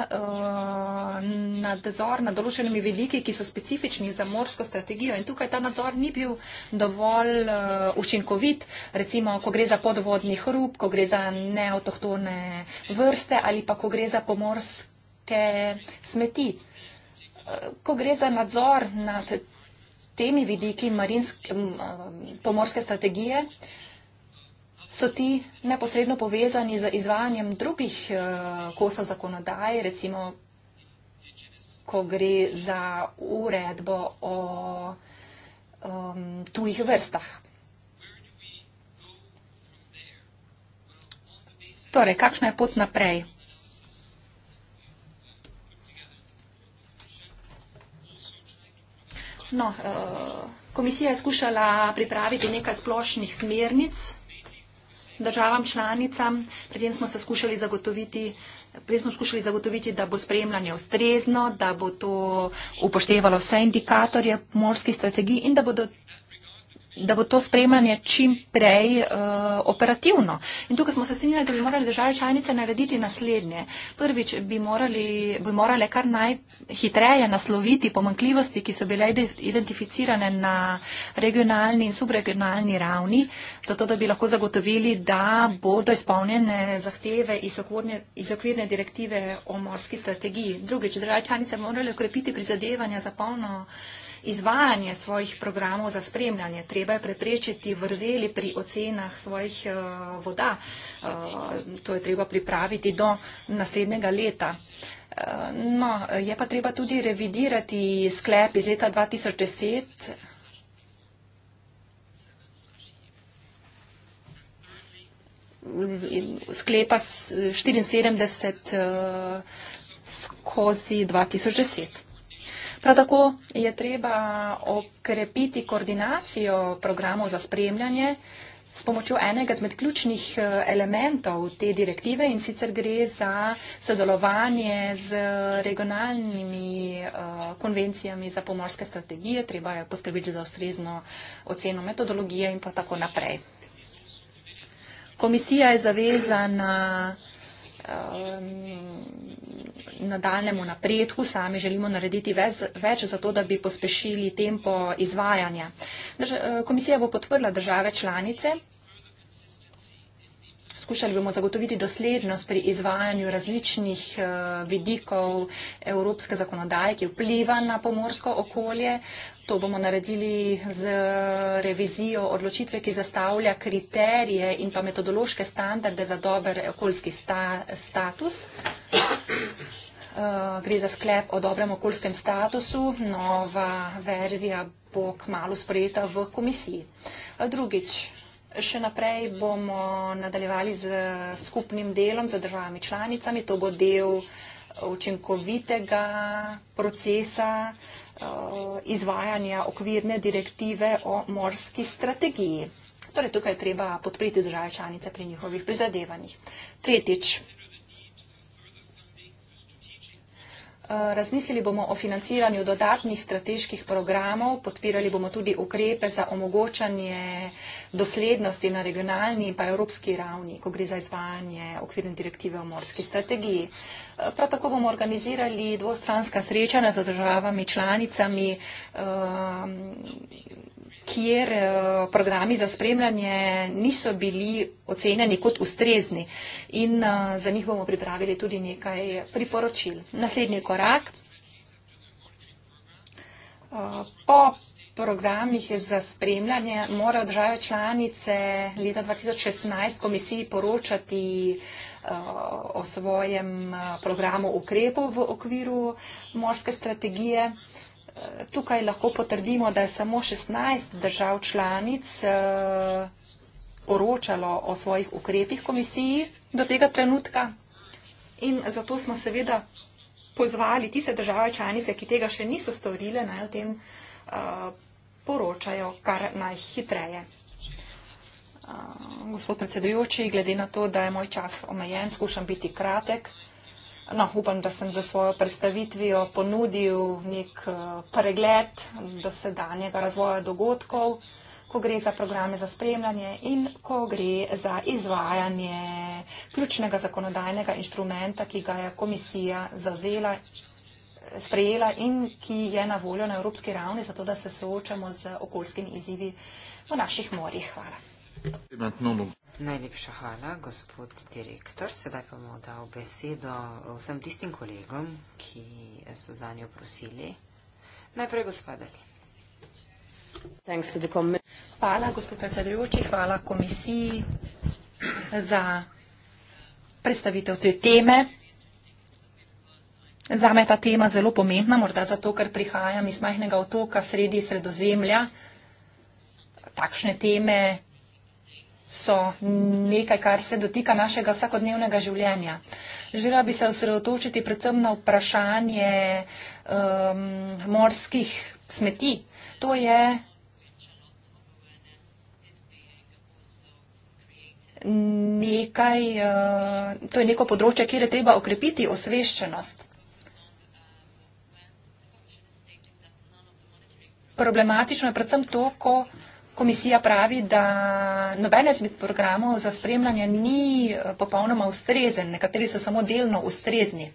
uh, nadzor nad določenimi veliki, ki so specifični za morsko strategijo in tukaj ta nadzor ni bil dovolj uh, učinkovit, recimo, ko gre za podvodni hrup, ko gre za neautohtone vrste ali pa ko gre za pomorske smeti. Uh, ko gre za nadzor nad temi vidiki marinske, uh, pomorske strategije, uh, so ti neposredno povezani z izvajanjem drugih eh, kosov zakonodaje, recimo, ko gre za uredbo o um, tujih vrstah. Torej, kakšna je pot naprej? No, uh, komisija je skušala pripraviti nekaj splošnih smernic državam članicam. Pri tem smo se skušali zagotoviti. Prej smo skušali zagotoviti, da bo spremljanje ustrezno, da bo to upoštevalo vse indikatorje morskih strategij in da bodo da bo to spremljanje čim prej uh, operativno. In tukaj smo se strinjali, da bi morali države članice narediti naslednje. Prvič bi, morali, bi morale kar najhitreje nasloviti pomankljivosti, ki so bile identificirane na regionalni in subregionalni ravni, zato da bi lahko zagotovili, da bodo izpolnjene zahteve iz, okvorne, iz okvirne direktive o morski strategiji. Drugič, države članice morale ukrepiti prizadevanja za polno izvajanje svojih programov za spremljanje. Treba je preprečiti vrzeli pri ocenah svojih eh, voda. Eh, to je treba pripraviti do naslednjega leta. Eh, no, je pa treba tudi revidirati sklep iz leta 2010. sklepa 74 skozi 2010. Prav tako je treba okrepiti koordinacijo programov za spremljanje s pomočjo enega zmed ključnih eh, elementov te direktive in sicer gre za sodelovanje z regionalnimi eh, konvencijami za pomorske strategije, treba je poskrbiti za ustrezno oceno metodologije in pa tako naprej. Komisija je zavezana na Um, nadaljnemu napredku, sami želimo narediti več, več za to, da bi pospešili tempo izvajanja. Eh, komisija bo podprla države članice. Skušali bomo zagotoviti doslednost pri izvajanju različnih eh, vidikov evropske zakonodaje, ki vpliva na pomorsko okolje. To bomo naredili z revizijo odločitve, ki zastavlja kriterije in pa metodološke standarde za dober okoljski sta, status. Eh, gre za sklep o dobrem okoljskem statusu. Nova verzija bo kmalo sprejeta v komisiji. Eh, drugič, še naprej bomo nadaljevali z skupnim delom za državami članicami. To bo del učinkovitega procesa, uh, Eh, izvajanja okvirne direktive o morski strategiji. Torej, tukaj je treba podpreti države članice pri njihovih prizadevanjih. Tretjič, Eh, razmislili bomo o financiranju dodatnih strateških programov, podpirali bomo tudi ukrepe za omogočanje doslednosti na regionalni in pa evropski ravni, ko gre za izvajanje okvirne direktive o morski strategiji. Eh, prav tako bomo organizirali dvostranska srečanja z državami članicami. Um, kjer eh, programi za spremljanje niso bili ocenjeni kot ustrezni in eh, za njih bomo pripravili tudi nekaj priporočil. Naslednji korak. Eh, po programih za spremljanje morajo države članice leta 2016 komisiji poročati o svojem programu ukrepov v okviru morske strategije. Tukaj lahko potrdimo, da je samo 16 držav članic eh, poročalo o svojih ukrepih komisiji do tega trenutka in zato smo seveda pozvali tiste države članice, ki tega še niso storile, naj o tem eh, poročajo kar najhitreje. Eh, gospod predsedujoči, glede na to, da je moj čas omejen, skušam biti kratek. No, upam, da sem za svojo predstavitvijo ponudil nek eh, pregled dosedanjega razvoja dogodkov, ko gre za programe za spremljanje in ko gre za izvajanje ključnega zakonodajnega inštrumenta, ki ga je komisija zazela, sprejela in ki je na voljo na evropski ravni, zato da se soočamo z okoljskimi izzivi v naših morjih. Hvala. Najlepša hvala, gospod direktor. Sedaj pa bomo dal besedo vsem tistim kolegom, ki so za njo prosili. Najprej gospodali. Hvala, gospod predsedujoči, hvala komisiji za predstavitev te teme. Zame je ta tema zelo pomembna, morda zato, ker prihajam iz majhnega otoka sredi sredozemlja. Takšne teme so nekaj, kar se dotika našega vsakodnevnega življenja. Želela bi se osredotočiti predvsem na vprašanje um, morskih smeti. To je nekaj, uh, to je neko področje, kjer je treba okrepiti osveščenost. Problematično je predvsem to, ko Komisija pravi, da nobene zmed programov za spremljanje ni eh, popolnoma ustrezen, nekateri so samo delno ustrezni.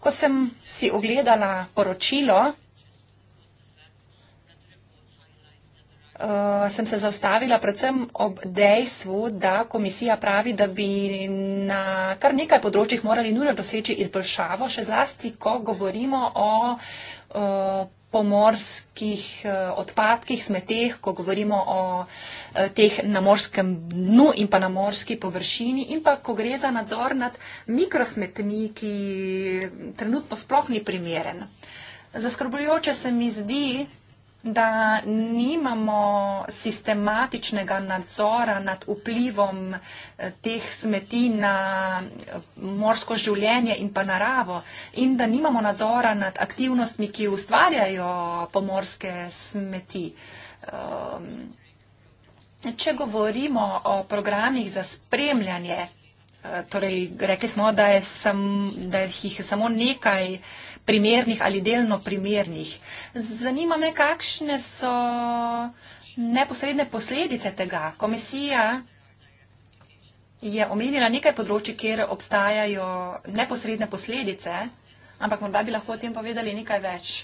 Ko sem si ogledala poročilo, eh, sem se zaustavila predvsem ob dejstvu, da komisija pravi, da bi na kar nekaj področjih morali nujno doseči izboljšavo, še zlasti, ko govorimo o eh, pomorskih eh, odpadkih, smeteh, ko govorimo o eh, teh na morskem dnu in pa na morski površini in pa ko gre za nadzor nad mikrosmetmi, ki trenutno sploh ni primeren. Zaskrbljujoče se mi zdi, da nimamo sistematičnega nadzora nad vplivom eh, teh smeti na eh, morsko življenje in pa naravo in da nimamo nadzora nad aktivnostmi, ki ustvarjajo pomorske smeti. Ehm, če govorimo o programih za spremljanje, eh, torej rekli smo, da, je sam, da jih je samo nekaj, primernih ali delno primernih. Zanima me, kakšne so neposredne posledice tega. Komisija je omenila nekaj področji, kjer obstajajo neposredne posledice, ampak morda bi lahko o tem povedali nekaj več.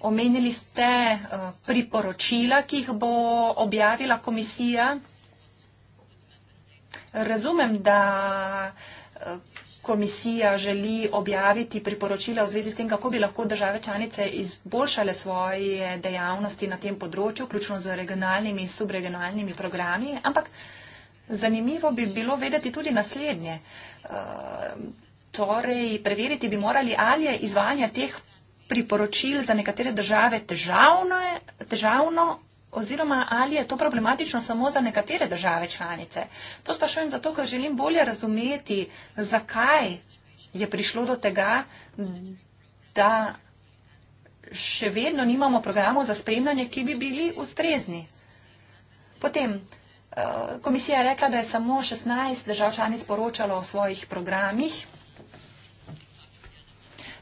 Omenili ste eh, priporočila, ki jih bo objavila komisija razumem, da eh, komisija želi objaviti priporočila v zvezi s tem, kako bi lahko države članice izboljšale svoje dejavnosti na tem področju, vključno z regionalnimi in subregionalnimi programi, ampak zanimivo bi bilo vedeti tudi naslednje. Eh, torej, preveriti bi morali, ali je izvajanje teh priporočil za nekatere države težavno, težavno Oziroma, ali je to problematično samo za nekatere države članice? To sprašujem zato, ker želim bolje razumeti, zakaj je prišlo do tega, da še vedno nimamo programov za spremljanje, ki bi bili ustrezni. Potem, eh, komisija je rekla, da je samo 16 držav članic poročalo o svojih programih.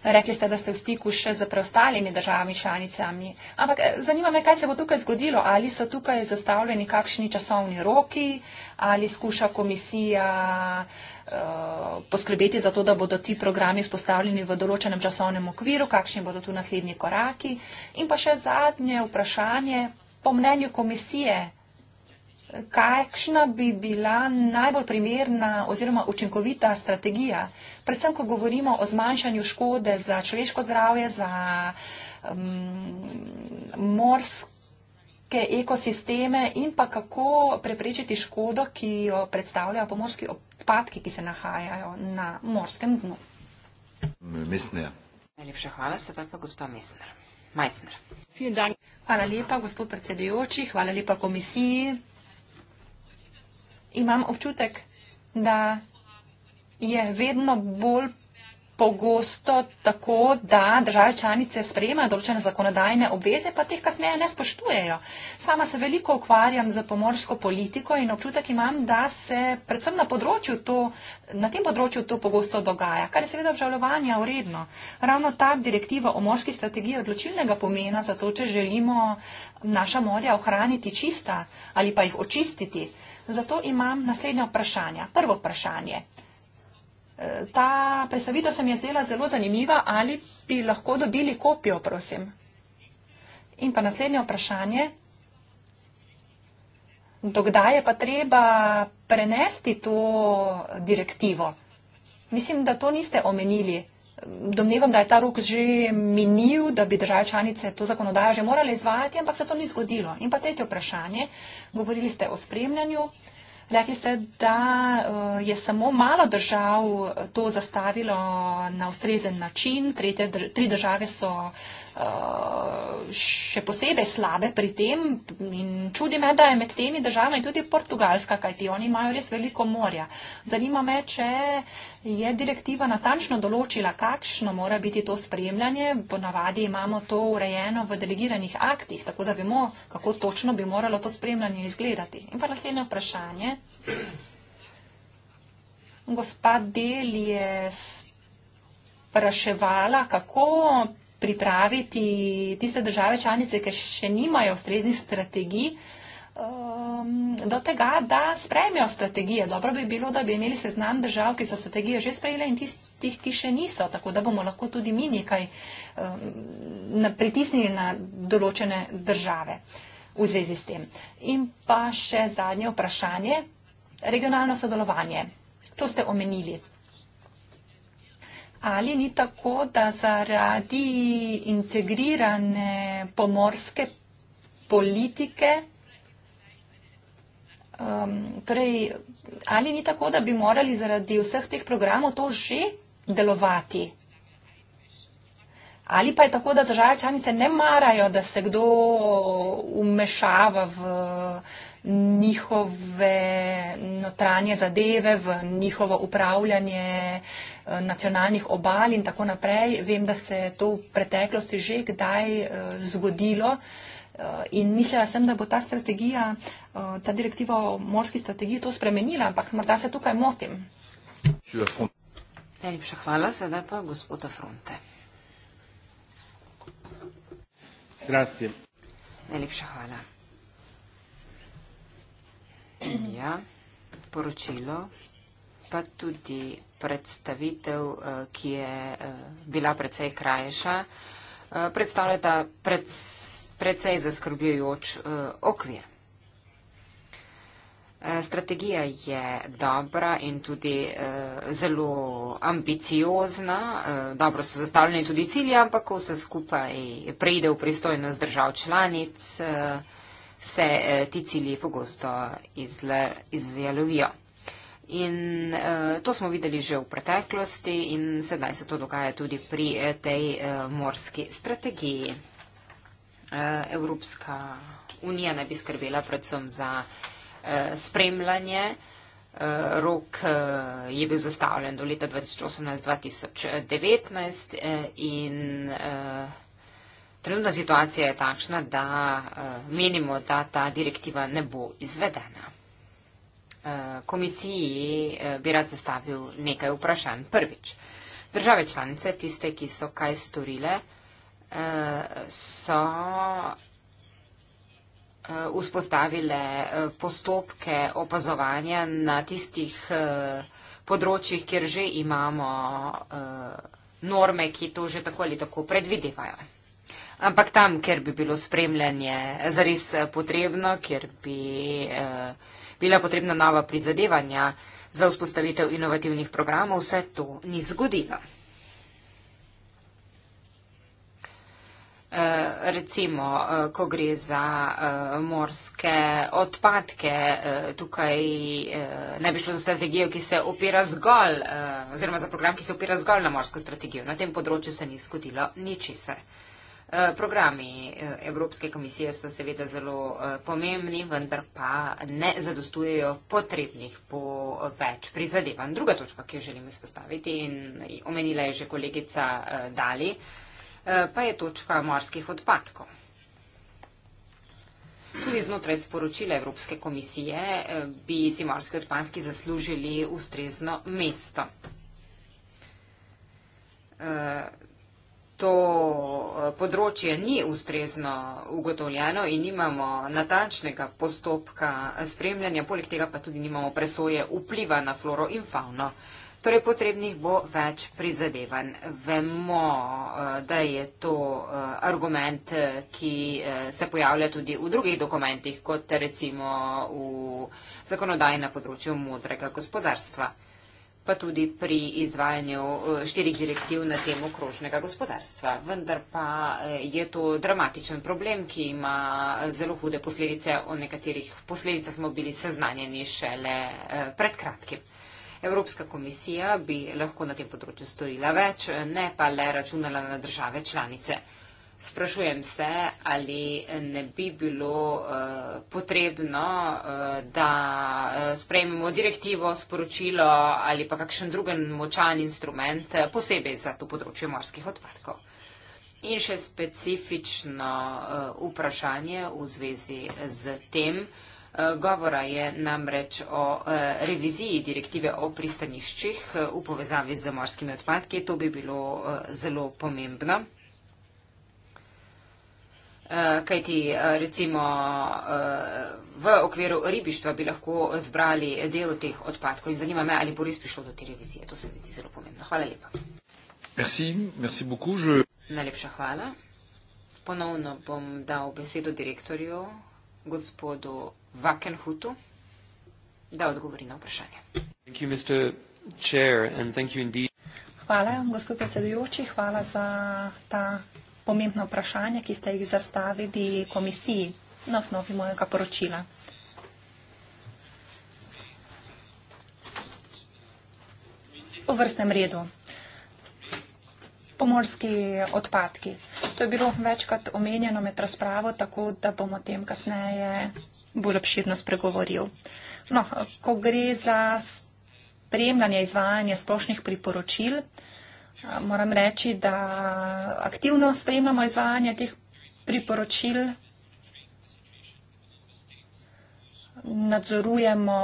Rekli ste, da ste v stiku še z preostalimi državami članicami. Ampak eh, zanima me, kaj se bo tukaj zgodilo. Ali so tukaj zastavljeni kakšni časovni roki, ali skuša komisija eh, poskrbeti za to, da bodo ti programi spostavljeni v določenem časovnem okviru, kakšni bodo tu naslednji koraki. In pa še zadnje vprašanje, po mnenju komisije, kakšna bi bila najbolj primerna oziroma učinkovita strategija, predvsem, ko govorimo o zmanjšanju škode za človeško zdravje, za um, morske ekosisteme in pa kako preprečiti škodo, ki jo predstavljajo pomorski odpadki, ki se nahajajo na morskem dnu. Mesnija. Najlepša hvala, sedaj pa gospa Mesner. Majsner. Hvala lepa, gospod predsedujoči, hvala lepa komisiji, imam občutek, da je vedno bolj pogosto tako, da države članice sprejemajo določene zakonodajne obveze, pa teh kasneje ne spoštujejo. Sama se veliko ukvarjam z pomorsko politiko in občutek imam, da se predvsem na, področju to, na tem področju to pogosto dogaja, kar je seveda obžalovanja vredno. Ravno ta direktiva o morski strategiji je odločilnega pomena za to, če želimo naša morja ohraniti čista ali pa jih očistiti. Zato imam naslednje vprašanje. Prvo vprašanje. E, ta predstavitev se mi je zdela zelo zanimiva, ali bi lahko dobili kopijo, prosim. In pa naslednje vprašanje. Dokdaj je pa treba prenesti to direktivo? Mislim, da to niste omenili domnevam, da je ta rok že minil, da bi države članice to zakonodajo že morale izvajati, ampak se to ni zgodilo. In pa tretje vprašanje, govorili ste o spremljanju. Rekli ste, da eh, je samo malo držav eh, to zastavilo na ustrezen način, Tretje, tri države so Eh, še posebej slabe pri tem in čudi me, da je med temi državami tudi Portugalska, kajti oni imajo res veliko morja. Zanima me, če je direktiva natančno določila, kakšno mora biti to spremljanje. Ponavadi imamo to urejeno v delegiranih aktih, tako da vemo, kako točno bi moralo to spremljanje izgledati. In pa naslednje vprašanje. Gospa Del je spraševala, kako pripraviti tiste države članice, ki še nimajo ustreznih strategij, um, do tega, da sprejmejo strategije. Dobro bi bilo, da bi imeli seznam držav, ki so strategije že sprejele in tistih, ki še niso, tako da bomo lahko tudi mi nekaj um, pritisnili na določene države v zvezi s tem. In pa še zadnje vprašanje, regionalno sodelovanje. To ste omenili. Ali ni tako, da zaradi integrirane pomorske politike, um, torej, ali ni tako, da bi morali zaradi vseh teh programov to že delovati? Ali pa je tako, da države članice ne marajo, da se kdo umešava v njihove notranje zadeve, v njihovo upravljanje eh, nacionalnih obal in tako naprej. Vem, da se je to v preteklosti že kdaj eh, zgodilo. Eh, in mislila sem, da bo ta strategija, ta direktiva o morski strategiji to spremenila, ampak morda se tukaj motim. Najlepša hvala, sedaj pa gospod Afronte. Najlepša hvala ja, poročilo, pa tudi predstavitev, eh, ki je eh, bila precej krajša, eh, predstavljata precej zaskrbljujoč okvir. Strategija je dobra in tudi zelo ambiciozna, dobro so zastavljeni tudi cilji, ampak vse skupaj prejde v pristojnost držav članic se eh, ti cilji pogosto izle, izjalovijo. In eh, to smo videli že v preteklosti in sedaj se to dogaja tudi pri eh, tej eh, morski strategiji. Eh, Evropska unija naj bi skrbela predvsem za eh, spremljanje. Eh, rok eh, je bil zastavljen do leta 2018-2019 eh, in. Eh, Trenutna situacija je takšna, da eh, menimo, da ta direktiva ne bo izvedena. Eh, komisiji eh, bi rad zastavil nekaj vprašanj. Prvič, države članice, tiste, ki so kaj storile, so vzpostavile postopke opazovanja na tistih področjih, kjer že imamo norme, ki to že tako ali tako predvidevajo ampak tam, kjer bi bilo spremljanje zares eh, potrebno, kjer bi eh, bila potrebna nova prizadevanja za vzpostavitev inovativnih programov, vse to ni zgodilo. Eh, recimo, eh, ko gre za morske odpadke, tukaj ne bi šlo za strategijo, ki se opira zgolj, oziroma za program, ki se opira zgolj na morsko strategijo. Na tem področju se ni zgodilo ničesar. Eh, programi eh, Evropske komisije so seveda zelo eh, pomembni, vendar pa ne zadostujejo potrebnih po več prizadevanj. Druga točka, ki jo želim izpostaviti in omenila je že kolegica Dali, pa je točka morskih odpadkov. Tudi znotraj sporočila Evropske komisije bi si morski odpadki zaslužili ustrezno mesto to eh, področje ni ustrezno ugotovljeno in nimamo natančnega postopka spremljanja, poleg tega pa tudi nimamo presoje vpliva na floro in fauno. Torej potrebnih bo več prizadevanj. Vemo, eh, da je to eh, argument, ki se pojavlja tudi v drugih dokumentih, kot recimo v zakonodaji na področju modrega gospodarstva pa tudi pri izvajanju eh, štirih direktiv na temo krožnega gospodarstva. Vendar pa eh, je to dramatičen problem, ki ima eh, zelo hude posledice, o nekaterih posledicah smo bili seznanjeni šele pred kratkim. Evropska komisija bi lahko na tem področju storila več, ne pa le računala na države članice. Sprašujem se, ali ne bi bilo uh, potrebno, uh, da eh, sprejmemo direktivo, sporočilo ali pa kakšen drugen močan instrument, posebej za to področje morskih odpadkov. In še specifično uh, vprašanje v zvezi z tem. Govora je namreč o reviziji direktive o pristaniščih v povezavi z morskimi odpadki. To bi bilo zelo pomembno. Eh, kajti eh, recimo eh, v okviru ribištva bi lahko zbrali del teh odpadkov. In zanima me, ali bo res prišlo do te revizije. To se mi zdi zelo pomembno. Hvala lepa. Merci, merci beaucoup, je... Najlepša hvala. Ponovno bom dal besedo direktorju, gospodu Vakenhutu, da odgovori na vprašanje. Thank you, Mr. Chair, and thank you indeed. Hvala, gospod predsedujoči, hvala za ta pomembna vprašanja, ki ste jih zastavili komisiji na osnovi mojega poročila. V vrstnem redu. Pomorski odpadki. To je bilo večkrat omenjeno med razpravo, tako da bom o tem kasneje bolj obširno spregovoril. No, ko gre za spremljanje izvajanja splošnih priporočil, Moram reči, da aktivno spremljamo izvajanje teh priporočil, nadzorujemo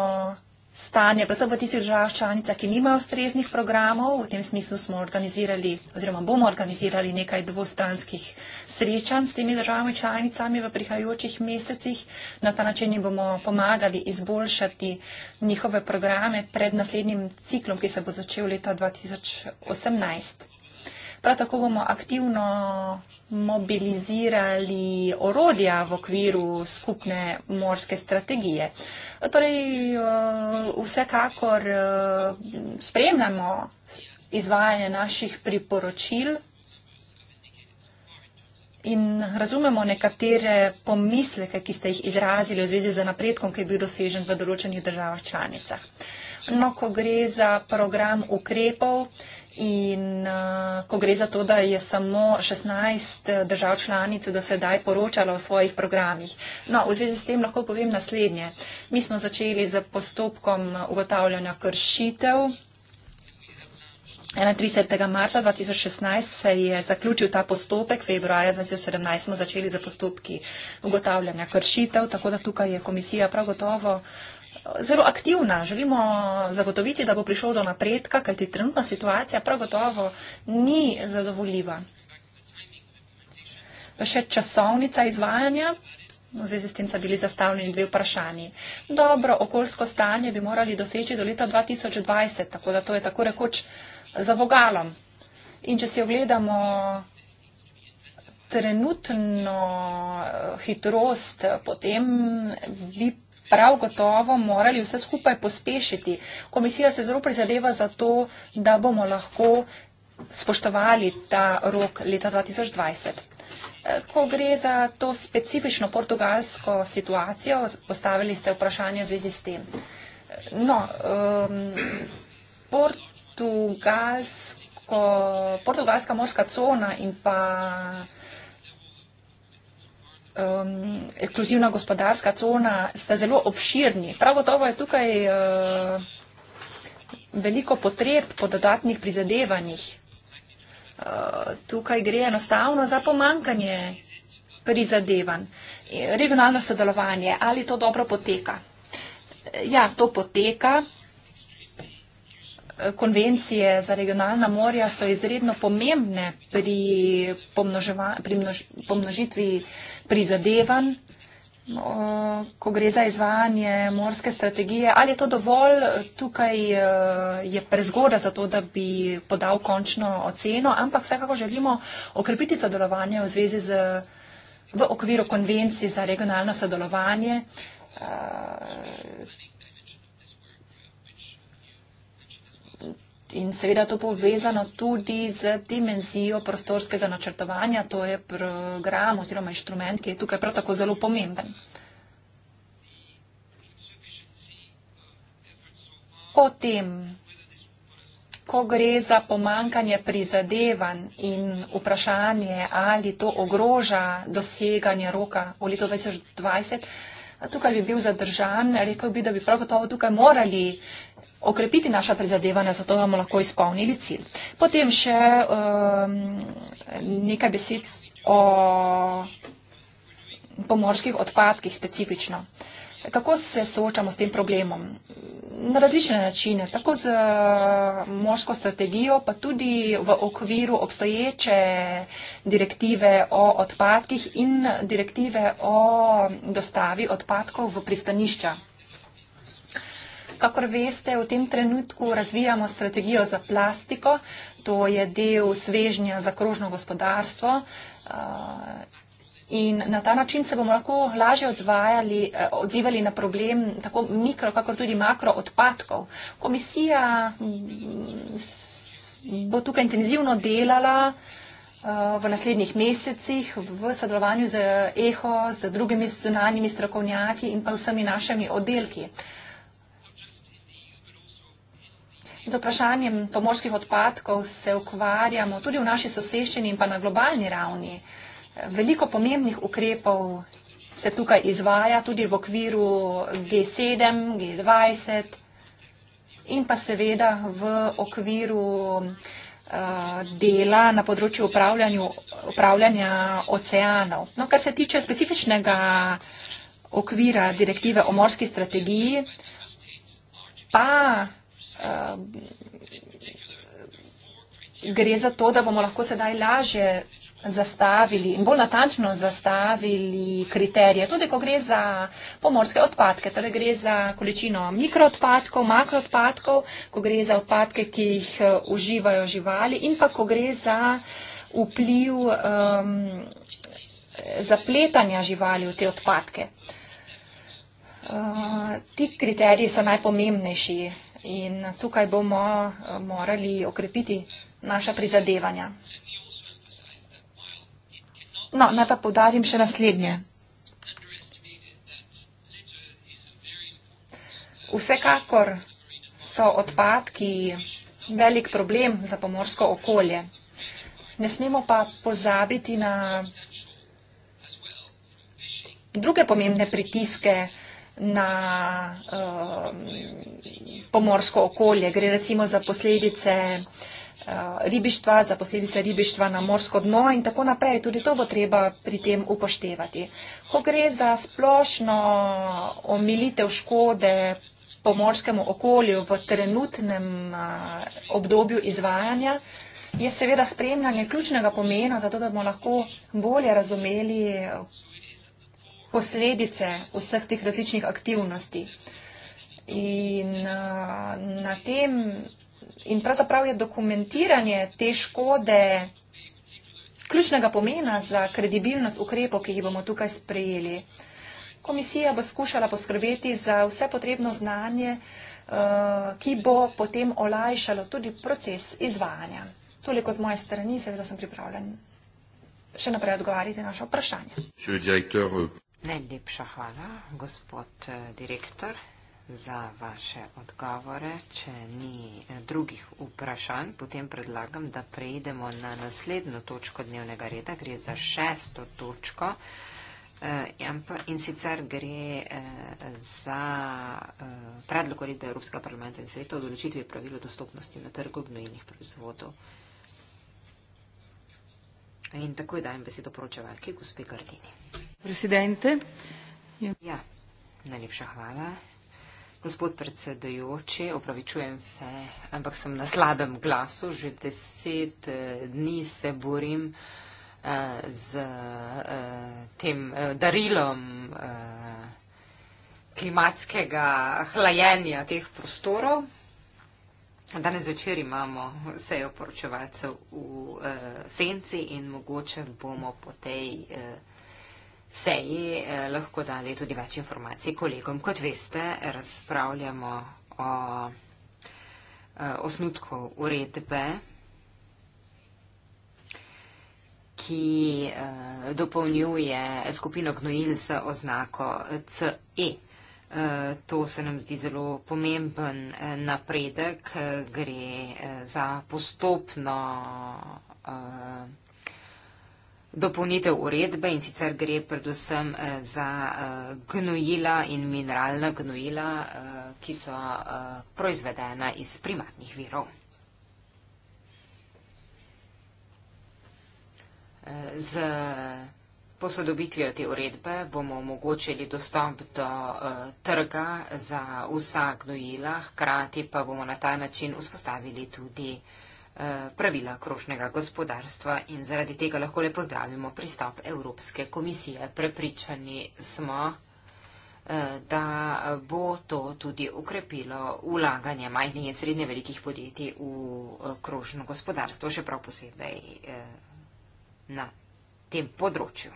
stanje, predvsem v tistih državah članicah, ki nimajo ustreznih programov. V tem smislu smo organizirali oziroma bomo organizirali nekaj dvostranskih srečanj s temi državami članicami v prihajajočih mesecih. Na ta način jim bomo pomagali izboljšati njihove programe pred naslednjim ciklom, ki se bo začel leta 2018. Prav tako bomo aktivno mobilizirali orodja v okviru skupne morske strategije. Torej, eh, vsekakor eh, spremljamo izvajanje naših priporočil in razumemo nekatere pomisleke, ki ste jih izrazili v zvezi z napredkom, ki je bil dosežen v določenih državah članicah. No, ko gre za program ukrepov in uh, ko gre za to, da je samo 16 uh, držav članic do sedaj poročalo o svojih programih. No, v zvezi s tem lahko povem naslednje. Mi smo začeli z postopkom uh, ugotavljanja kršitev. 31. marca 2016 se je zaključil ta postopek, februarja 2017 smo začeli z postopki ugotavljanja kršitev, tako da tukaj je komisija prav gotovo uh, zelo aktivna. Želimo zagotoviti, da bo prišel do napredka, kajti trenutna situacija prav gotovo ni zadovoljiva. Pa še časovnica izvajanja. V zvezi s tem so bili zastavljeni dve vprašanji. Dobro okoljsko stanje bi morali doseči do leta 2020, tako da to je tako rekoč za vogalom. In če si ogledamo trenutno eh, hitrost, potem bi prav gotovo morali vse skupaj pospešiti. Komisija se zelo prizadeva za to, da bomo lahko spoštovali ta rok leta 2020. Eh, ko gre za to specifično portugalsko situacijo, postavili ste vprašanje v zvezi s tem. Eh, no, um, portugalsko, portugalska morska cona in pa um, ekskluzivna gospodarska cona, sta zelo obširni. Prav gotovo je tukaj uh, veliko potreb po dodatnih prizadevanjih. Uh, tukaj gre enostavno za pomankanje prizadevanj. Regionalno sodelovanje, ali to dobro poteka? Ja, to poteka konvencije za regionalna morja so izredno pomembne pri, pri množ, pomnožitvi prizadevanj, ko gre za izvajanje morske strategije. Ali je to dovolj, tukaj e, je prezgoda za to, da bi podal končno oceno, ampak vsekako želimo okrepiti sodelovanje v zvezi z v okviru konvencij za regionalno sodelovanje. E, in seveda to povezano tudi z dimenzijo prostorskega načrtovanja, to je program oziroma inštrument, ki je tukaj prav tako zelo pomemben. O tem, ko gre za pomankanje prizadevanj in vprašanje, ali to ogroža doseganje roka v letu 2020, tukaj bi bil zadržan, rekel bi, da bi prav gotovo tukaj morali okrepiti naša prizadevanja, zato bomo lahko izpolnili cilj. Potem še um, nekaj besed o pomorskih odpadkih specifično. Kako se soočamo s tem problemom? Na različne načine, tako z uh, morsko strategijo, pa tudi v okviru obstoječe direktive o odpadkih in direktive o dostavi odpadkov v pristanišča. Kakor veste, v tem trenutku razvijamo strategijo za plastiko, to je del svežnja za krožno gospodarstvo. Eh, in na ta način se bomo lahko lažje eh, odzivali na problem tako mikro, kakor tudi makro odpadkov. Komisija mm, bo tukaj intenzivno delala eh, v naslednjih mesecih v sodelovanju z EHO, z drugimi zunanjimi strokovnjaki in pa vsemi našimi oddelki. Z vprašanjem pomorskih odpadkov se ukvarjamo tudi v naši soseščini in pa na globalni ravni. Veliko pomembnih ukrepov se tukaj izvaja tudi v okviru G7, G20 in pa seveda v okviru eh, dela na področju upravljanja oceanov. No, kar se tiče specifičnega okvira direktive o morski strategiji, pa Um, gre za to, da bomo lahko sedaj lažje zastavili in bolj natančno zastavili kriterije. Tudi, ko gre za pomorske odpadke, torej gre za količino mikroodpadkov, makroodpadkov, ko gre za odpadke, ki jih uh, uživajo živali in pa ko gre za vpliv um, zapletanja živali v te odpadke. Uh, ti kriteriji so najpomembnejši. Uh, in tukaj bomo eh, morali okrepiti naša prizadevanja. No, naj pa podarim še naslednje. Vsekakor so odpadki velik problem za pomorsko okolje. Ne smemo pa pozabiti na druge pomembne pritiske, ki so vsega, na um, pomorsko okolje. Gre recimo za posledice uh, ribištva, za posledice ribištva na morsko dno in tako naprej. Tudi to bo treba pri tem upoštevati. Ko gre za splošno omilitev škode pomorskemu okolju v trenutnem uh, obdobju izvajanja, je seveda spremljanje ključnega pomena, zato da bomo lahko bolje razumeli posledice vseh teh različnih aktivnosti. In, na tem, in pravzaprav je dokumentiranje te škode ključnega pomena za kredibilnost ukrepov, ki jih bomo tukaj sprejeli. Komisija bo skušala poskrbeti za vse potrebno znanje, ki bo potem olajšalo tudi proces izvajanja. Toliko z moje strani, seveda sem pripravljen še naprej odgovarjati na naše vprašanje. Najlepša hvala, gospod eh, direktor, za vaše odgovore. Če ni eh, drugih vprašanj, potem predlagam, da prejdemo na naslednjo točko dnevnega reda. Gre za šesto točko. Eh, in sicer gre za predlog uredbe Evropskega parlamenta in sveta o določitvi pravil o dostopnosti na trgu gnojnih proizvodov. In takoj dajem besedo poročevalki, gospe Gardini presidente. Ja, najlepša hvala. Gospod predsedujoči, opravičujem se, ampak sem na slabem glasu, že deset eh, dni se borim eh, z eh, tem darilom klimatskega hlajenja teh prostorov. Danes večer imamo sejo poročevalcev v senci in mogoče bomo po tej seji eh, lahko dali tudi več informacij kolegom. Kot veste, razpravljamo o eh, osnutku uredbe, ki eh, dopolnjuje skupino gnojil z oznako CE. Eh, to se nam zdi zelo pomemben eh, napredek. Eh, gre eh, za postopno. Eh, dopolnitev uredbe in sicer gre predvsem eh, za eh, gnojila in mineralna gnojila, eh, ki so proizvedena iz primarnih virov. Z posodobitvijo te uredbe bomo omogočili dostop do trga za vsa gnojila, hkrati pa bomo na ta način vzpostavili tudi vsega. Eh, pravila krožnega gospodarstva in zaradi tega lahko le pozdravimo pristop Evropske komisije. Prepričani smo, eh, da bo to tudi ukrepilo ulaganje majhnih in srednje velikih podjetij v eh, krožno gospodarstvo, še prav posebej na tem področju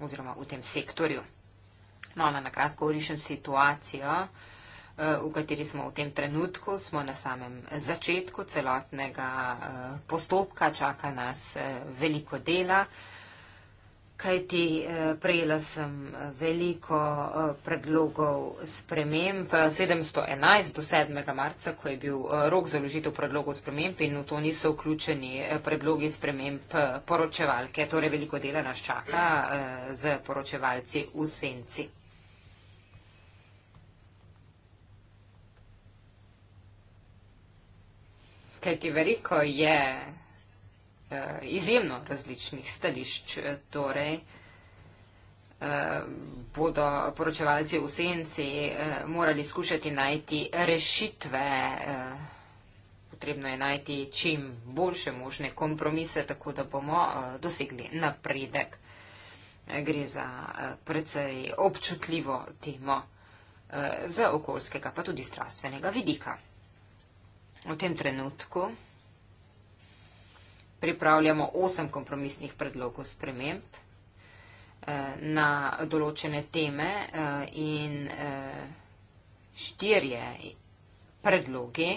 oziroma v tem sektorju. No, na kratko orišem situacijo. Eh, v kateri smo v tem trenutku, smo na samem začetku celotnega eh, postopka, čaka nas eh, veliko dela. Kajti prejela sem veliko predlogov sprememb. 711 do 7. marca, ko je bil rok za ložitev predlogov sprememb in v to niso vključeni predlogi sprememb poročevalke. Torej veliko dela nas čaka z poročevalci v senci. kajti veliko je eh, izjemno različnih stališč, torej eh, bodo poročevalci v senci eh, morali skušati najti rešitve, potrebno je najti čim boljše možne kompromise, tako da bomo dosegli napredek. Gre za precej občutljivo temo z okoljskega pa tudi strastvenega vidika. V tem trenutku pripravljamo osem kompromisnih predlogov sprememb eh, na določene teme eh, in eh, štirje predlogi,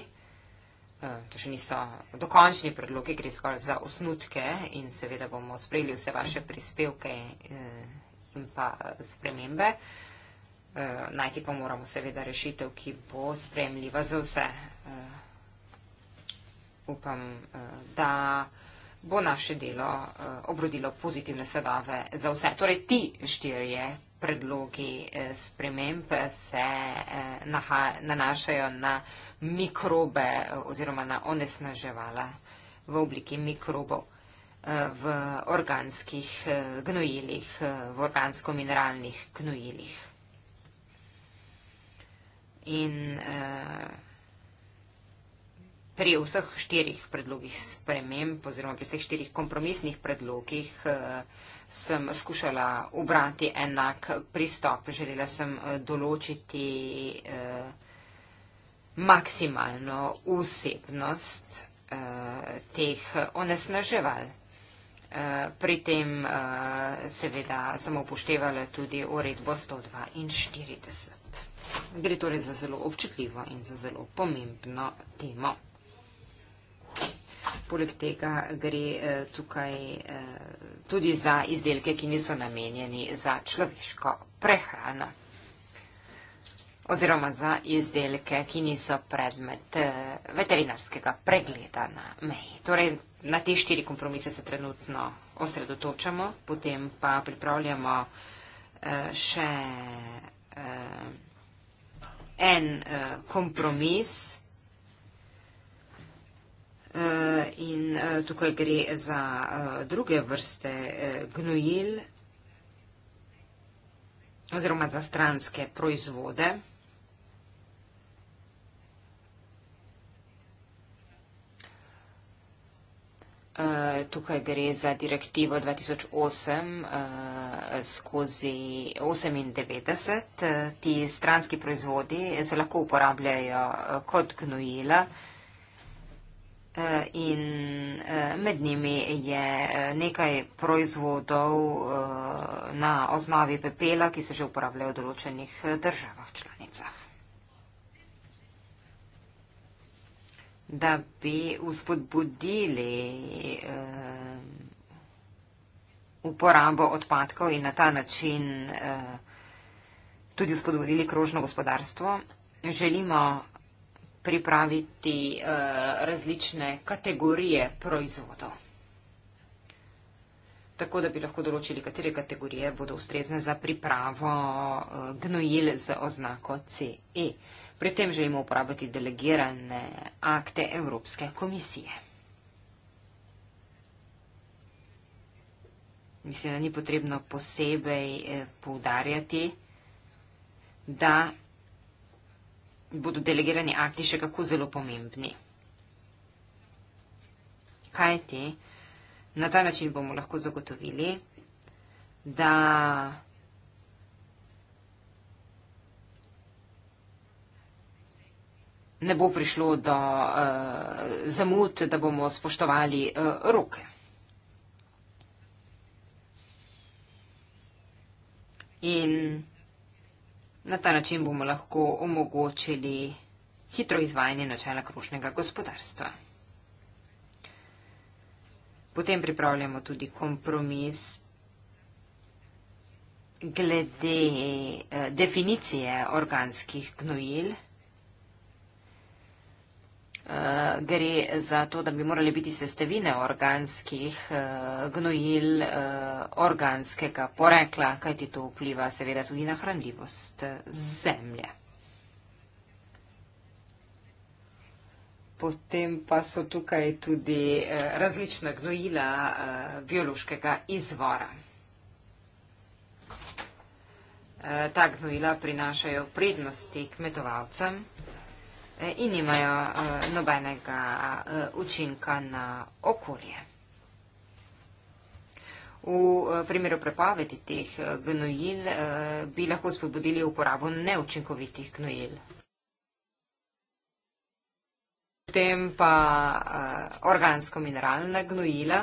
to še niso dokončni predlogi, gre zgolj za osnutke in seveda bomo sprejeli vse vaše prispevke in pa spremembe. Najti pa moramo seveda rešitev, ki bo spremljiva za vse upam, eh, da bo naše delo eh, obrodilo pozitivne sadove za vse. Torej, ti štirje predlogi eh, sprememb se nanašajo na mikrobe oziroma na onesnaževala v obliki mikrobov v organskih gnojilih, v organsko-mineralnih gnojilih. In eh, pri vseh štirih predlogih sprememb oziroma pri vseh štirih kompromisnih predlogih eh, sem skušala obrati enak pristop. Želela sem eh, določiti eh, maksimalno vsebnost teh onesnaževal. Pri tem seveda sem upoštevala tudi uredbo 142. Gre torej za zelo občutljivo in za zelo pomembno temo poleg tega gre eh, tukaj eh, tudi za izdelke, ki niso namenjeni za človeško prehrano oziroma za izdelke, ki niso predmet eh, veterinarskega pregleda na meji. Torej, na te štiri kompromise se trenutno osredotočamo, potem pa pripravljamo še en kompromis, Eh, in eh, tukaj gre za eh, druge vrste gnojil oziroma za stranske proizvode. Tukaj gre za direktivo 2008 skozi 98. Ti stranski proizvodi se lahko uporabljajo kot gnojila, Eh, in eh, med njimi je eh, nekaj proizvodov na osnovi pepela, ki se že uporabljajo v določenih državah članicah. Da bi uspodbudili uporabo odpadkov in na ta način tudi uspodbudili krožno gospodarstvo, želimo pripraviti eh, različne kategorije proizvodov. Tako da bi lahko določili, katere kategorije bodo ustrezne za pripravo eh, gnojil z oznako CE. Pri tem želimo uporabiti delegirane akte Evropske komisije. Mislim, da ni potrebno posebej eh, poudarjati, da bodo delegirani akti še kako zelo pomembni. Kaj ti? Na ta način bomo lahko zagotovili, da ne bo prišlo do uh, zamud, da bomo spoštovali uh, roke. In Na ta način bomo lahko omogočili hitro izvajanje načela krušnega gospodarstva. Potem pripravljamo tudi kompromis glede eh, definicije organskih gnojil. Eh, gre za to, da bi morali biti sestevine organskih eh, gnojil eh, organskega porekla, kajti to vpliva seveda tudi na hranljivost zemlje. Potem pa so tukaj tudi različna gnojila biološkega izvora. Ta gnojila prinašajo prednosti kmetovalcem. Eh, in nimajo eh, nobenega eh, učinka na okolje. V primeru prepovedi teh gnojil bi lahko spodbudili uporabo neučinkovitih gnojil. Potem pa organsko-mineralna gnojila.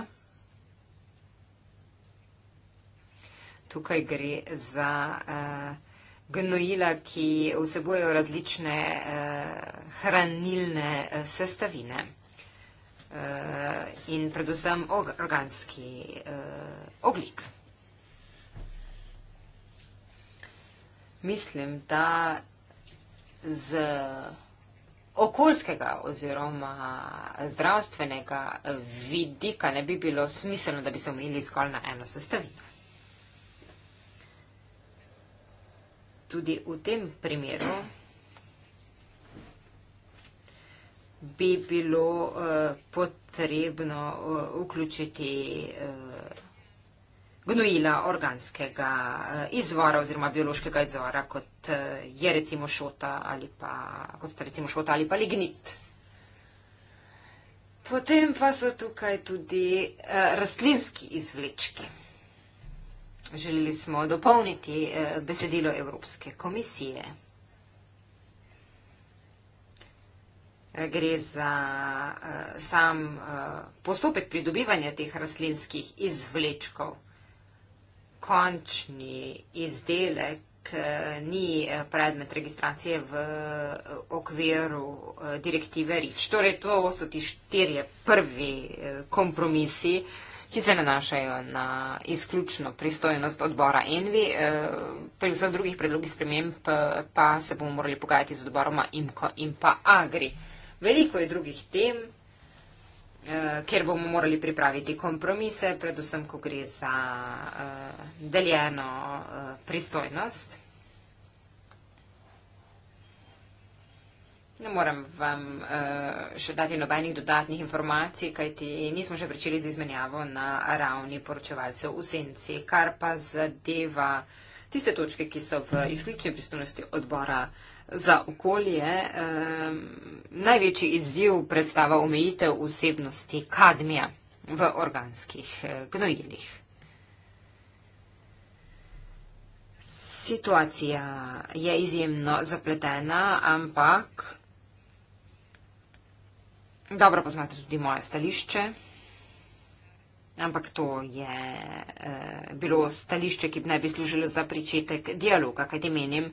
Tukaj gre za gnojila gnojila, ki vsebojo različne eh, hranilne eh, sestavine eh, in predvsem og organski eh, oglik. Mislim, da z okoljskega oziroma zdravstvenega vidika ne bi bilo smiselno, da bi se omejili zgolj na eno sestavino. tudi v tem primeru bi bilo uh, potrebno uh, vključiti uh, gnojila organskega uh, izvora oziroma biološkega izvora, kot uh, je recimo šota ali pa, kot sta recimo šota ali pa lignit. Potem pa so tukaj tudi uh, rastlinski izvlečki. Želeli smo dopolniti eh, besedilo Evropske komisije. Eh, gre za eh, sam postopek pridobivanja teh rastlinskih izvlečkov. Končni izdelek ni predmet registracije v okviru direktive RIF. Torej, to so ti štirje prvi kompromisi, ki so ki se nanašajo na izključno pristojnost odbora Envi, eh, pri vseh drugih predlogih sprememb eh, pa se bomo morali pogajati z odboroma IMKO in pa AGRI. Veliko je drugih tem, eh, kjer bomo morali pripraviti kompromise, predvsem, ko gre za deljeno pristojnost. Ne morem vam uh, še dati nobenih dodatnih informacij, kajti nismo že pričeli z izmenjavo na ravni poročevalcev v senci, kar pa zadeva tiste točke, ki so v izključni pristojnosti odbora za okolje. Um, največji izziv predstava omejitev vsebnosti kadmija v organskih eh, gnojilih. Situacija je izjemno zapletena, ampak Dobro poznate tudi moje stališče, ampak to je eh, bilo stališče, ki bi naj bi služilo za pričetek dialoga, kajti menim,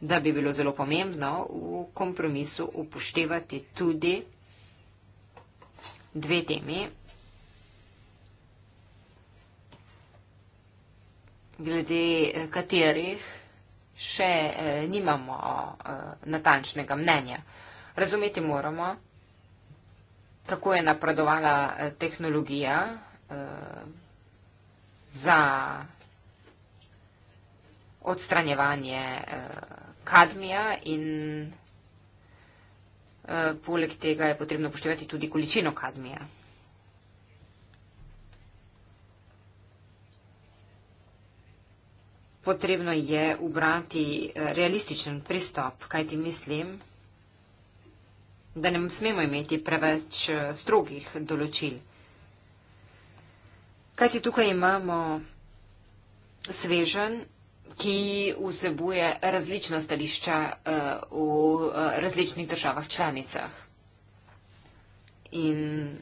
da bi bilo zelo pomembno v kompromisu upoštevati tudi dve temi. glede eh, katerih še eh, nimamo eh, natančnega mnenja. Razumeti moramo, kako je napredovala eh, tehnologija eh, za odstranjevanje eh, kadmija in poleg tega je potrebno upoštevati tudi količino kadmija. Potrebno je ubrati realističen pristop, kaj ti mislim, da je to, da ne smemo imeti preveč eh, strogih določil. Kajti tukaj imamo svežen, ki vsebuje različna stališča eh, v eh, različnih državah članicah. In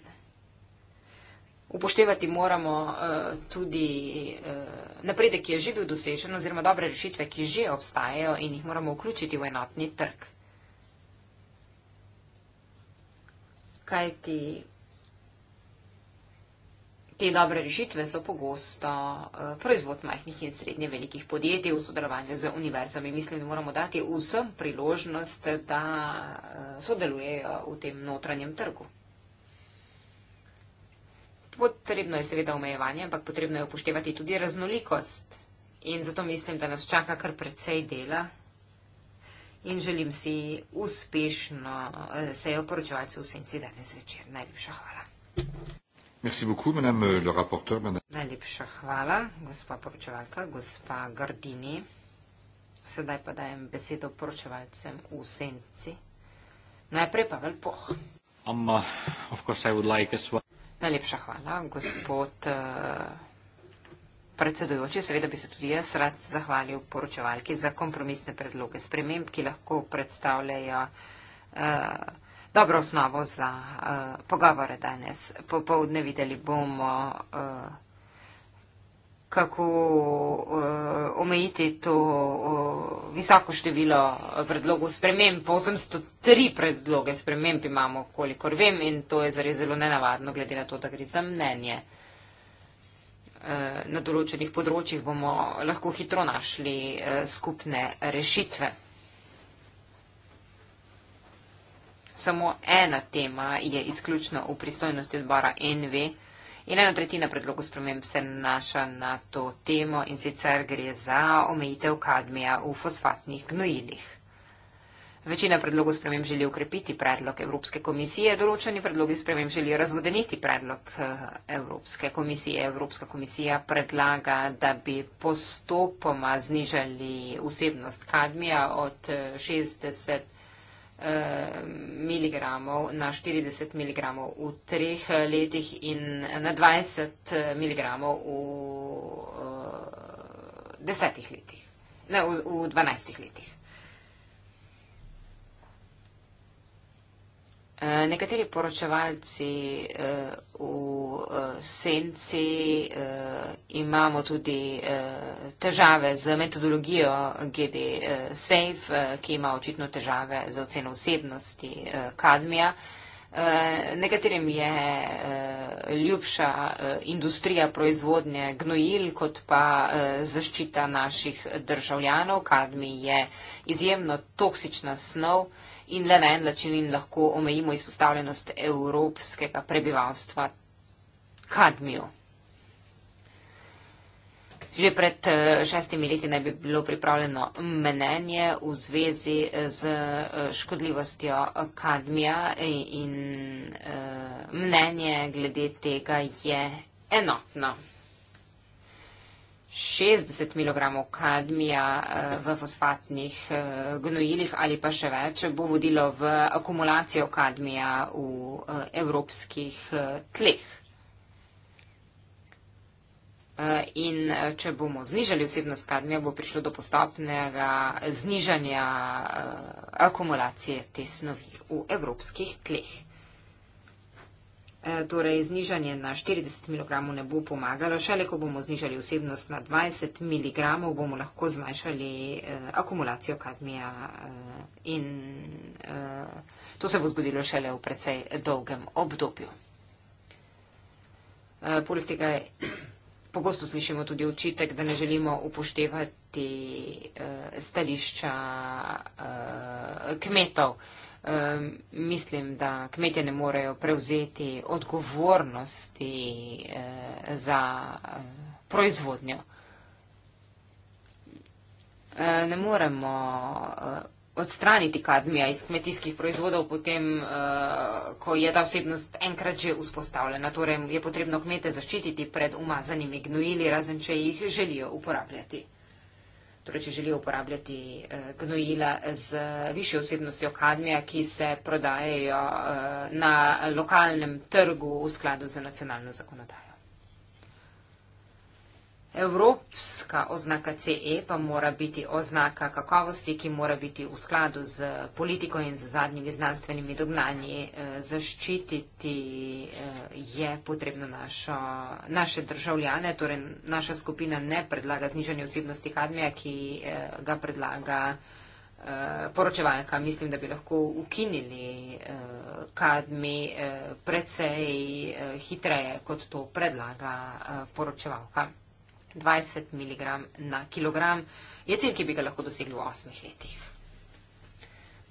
upoštevati moramo tudi napredek, ki je že bil dosežen, oziroma dobre rešitve, ki že obstajajo in jih moramo vključiti v enotni trg. kaj ti te dobre rešitve so pogosto eh, proizvod majhnih in srednje velikih podjetij v sodelovanju z univerzami. Mislim, da moramo dati vsem priložnost, da eh, sodelujejo v tem notranjem trgu. Potrebno je seveda omejevanje, ampak potrebno je upoštevati tudi raznolikost. In zato mislim, da nas čaka kar precej dela in želim si uspešno eh, sejo poročevalcev v senci danes večer. Najlepša hvala. Merci beaucoup, madame euh, le rapporteur. Madame. Najlepša hvala, gospa poročevalka, gospa Gardini. Sedaj pa dajem besedo poročevalcem v senci. Najprej pa velpoh. Um, uh, like well. Najlepša hvala, gospod. Uh, predsedujoči, seveda bi se tudi jaz rad zahvalil poročevalki za kompromisne predloge sprememb, ki lahko predstavljajo eh, dobro osnovo za eh, pogovore danes. Popovdne videli bomo, eh, kako eh, omejiti to eh, visoko število predlogov sprememb. 803 predloge sprememb imamo, kolikor vem, in to je zares zelo nenavadno, glede na to, da gre za mnenje. Eh, na določenih področjih bomo lahko hitro našli eh, skupne rešitve. Samo ena tema je izključno v pristojnosti odbora NV in ena tretjina predlogu sprememb se naša na to temo in sicer gre za omejitev kadmija v fosfatnih gnojilih. Večina predlogov sprememb želi ukrepiti predlog Evropske komisije, določeni predlogi sprememb želi razvodeniti predlog eh, Evropske komisije. Evropska komisija predlaga, da bi postopoma znižali vsebnost kadmija od 60 eh, eh, mg na 40 mg v treh letih in na 20 mg v desetih letih, ne v dvanajstih letih. Eh, nekateri poročevalci eh, v eh, senci imamo tudi težave z metodologijo GD Safe, ki ima očitno težave z oceno osebnosti Kadmija. Nekaterim je ljubša industrija proizvodnje gnojil kot pa zaščita naših državljanov. Kadmi je izjemno toksična snov in le na en način in lahko omejimo izpostavljenost evropskega prebivalstva kadmiju. Že pred eh, šestimi leti naj bi bilo pripravljeno mnenje v zvezi eh, z eh, škodljivostjo kadmija in mnenje glede tega je enotno. 60 mg kadmija eh, v fosfatnih eh, gnojilih ali pa še več bo vodilo v akumulacijo kadmija v eh, evropskih tleh. In če bomo znižali vsebnost kadmija, bo prišlo do postopnega znižanja akumulacije te snovi v evropskih tleh. E, torej, znižanje na 40 mg ne bo pomagalo, šele ko bomo znižali vsebnost na 20 mg, bomo lahko zmanjšali eh, akumulacijo kadmija eh, in eh, to se bo zgodilo šele v precej dolgem obdobju. Eh, poleg tega pogosto slišimo tudi očitek, da ne želimo upoštevati eh, stališča eh, kmetov. Eh, um, mislim, da kmetje ne morejo prevzeti odgovornosti uh, za uh, proizvodnjo. Eh, ne moremo odstraniti kadmija iz kmetijskih proizvodov, potem, ko je ta vsebnost enkrat že vzpostavljena. Torej je potrebno kmete zaščititi pred umazanimi gnojili, razen če jih želijo uporabljati torej če želijo uporabljati eh, gnojila z višjo vsebnostjo kadmija, ki se prodajajo eh, na lokalnem trgu v skladu z nacionalno zakonodajo. Evropska oznaka CE pa mora biti oznaka kakovosti, ki mora biti v skladu z politiko in z zadnjimi znanstvenimi dognanji. Eh, zaščititi eh, je potrebno našo, naše državljane, torej naša skupina ne predlaga znižanje osebnosti kadmija, ki eh, ga predlaga poročevalka. Mislim, da bi lahko ukinili kadmi precej hitreje, kot to predlaga poročevalka. 20 mg na kilogram, je cilj, ki bi ga lahko dosegli v osmih letih.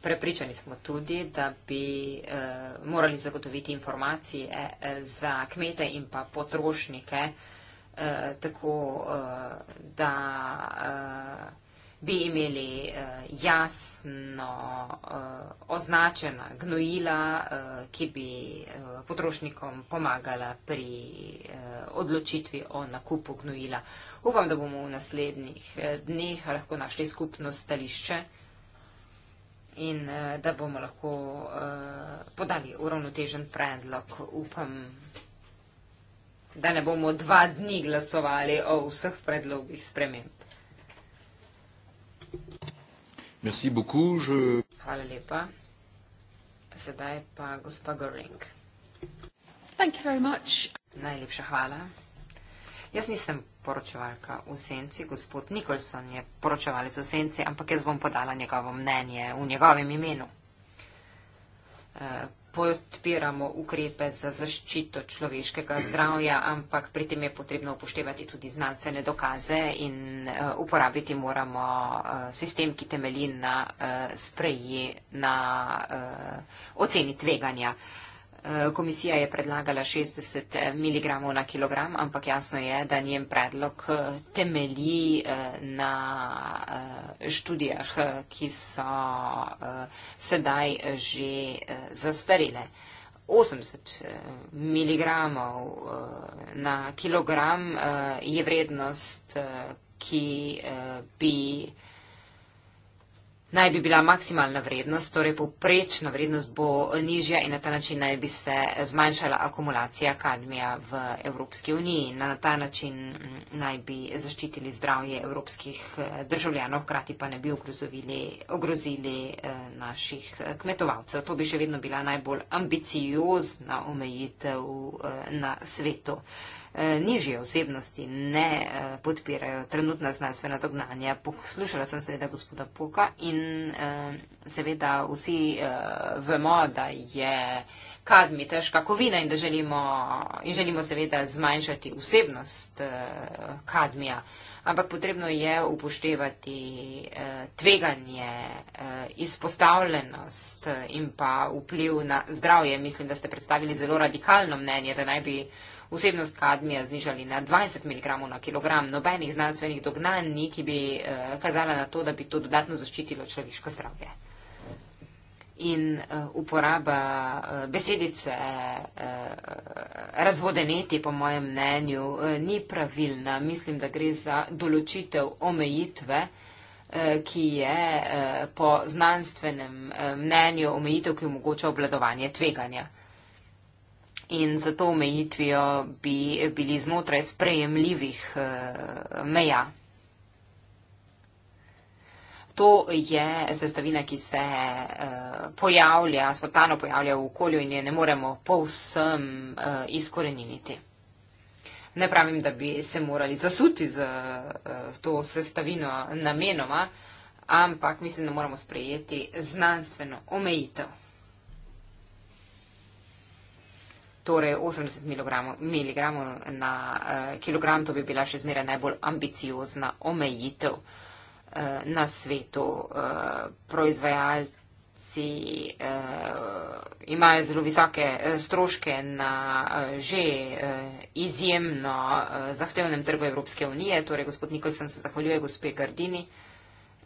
Prepričani smo tudi, da bi eh, morali zagotoviti informacije eh, za kmete in pa potrošnike, eh, tako eh, da. Eh, bi imeli eh, jasno eh, označena gnojila, eh, ki bi potrošnikom pomagala pri odločitvi o nakupu gnojila. Upam, da bomo v naslednjih dneh lahko našli skupno stališče in da bomo lahko podali uravnotežen predlog. Upam, da ne bomo dva dni glasovali o vseh predlogih spremembe. Merci beaucoup. Je... Hvala lepa. Sedaj pa gospa Goring. Thank you very much. Najlepša hvala. Jaz nisem poročevalka v senci, gospod Nikolson je poročevalec v senci, ampak jaz bom podala njegovo mnenje v njegovem imenu. Eh, podpiramo ukrepe za zaščito človeškega zdravja, ampak pri tem je potrebno upoštevati tudi znanstvene dokaze in uh, uporabiti moramo uh, sistem, ki temelji na uh, spreji, na uh, oceni tveganja. Uh, Eh, komisija je predlagala 60 eh, mg na kilogram, ampak jasno je, da njen predlog eh, temelji na študijah, ki so sedaj že zastarele. 80 mg na kilogram je vrednost, ki bi naj bi bila maksimalna vrednost, torej poprečna vrednost bo nižja in na ta način naj bi se zmanjšala akumulacija kadmija v Evropski uniji. Na ta način mm, naj bi zaščitili zdravje evropskih eh, državljanov, krati pa ne bi ogrozili, ogrozili eh, naših eh, kmetovalcev. To bi še vedno bila najbolj ambiciozna omejitev na svetu. Eh, nižje osebnosti ne eh, podpirajo trenutna znanstvena dognanja. Poslušala sem seveda gospoda Puka in eh, seveda vsi vemo, da je kadmi težka kovina in da želimo, in želimo seveda zmanjšati osebnost kadmija. Ampak potrebno je upoštevati tveganje, izpostavljenost in pa vpliv na zdravje. Mislim, da ste predstavili zelo radikalno mnenje, da naj bi vsebnost kadmija znižali na 20 mg na kg. Nobenih znanstvenih dognanj ni, ki bi eh, kazala na to, da bi to dodatno zaščitilo človeško zdravje. In eh, uporaba eh, besedice razvodeneti, po mojem mnenju, ni pravilna. Mislim, da gre za določitev omejitve ki je po znanstvenem mnenju omejitev, ki omogoča obladovanje tveganja in za to omejitvijo bi bili znotraj sprejemljivih eh, meja. To je sestavina, ki se eh, pojavlja, spontano pojavlja v okolju in je ne moremo povsem eh, izkoreniniti. Ne pravim, da bi se morali zasuti z to sestavino namenoma, ampak mislim, da moramo sprejeti znanstveno omejitev. torej 80 mg na eh, kilogram, to bi bila še zmeraj najbolj ambiciozna omejitev eh, na svetu. Eh, proizvajalci eh, imajo zelo visoke eh, stroške na eh, že eh, izjemno eh, zahtevnem trgu Evropske unije, torej gospod Nikolsen se zahvaljuje gospe Gardini.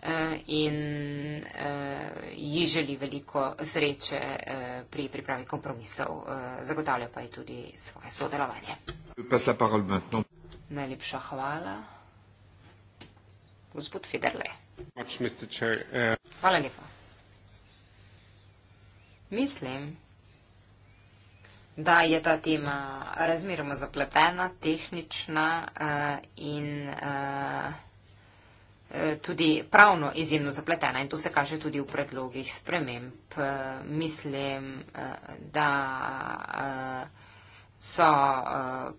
Eh, in eh, ji želi veliko sreče eh, pri pripravi kompromisov, zagotavlja pa ji tudi svoje sodelovanje. Najlepša hvala. Gospod Federle. Hvala lepa. Mislim, da je ta tema razmeroma zapletena, tehnična uh, in. Uh, Eh, tudi pravno izjemno zapletena in to se kaže tudi v predlogih sprememb. Eh, mislim, eh, da so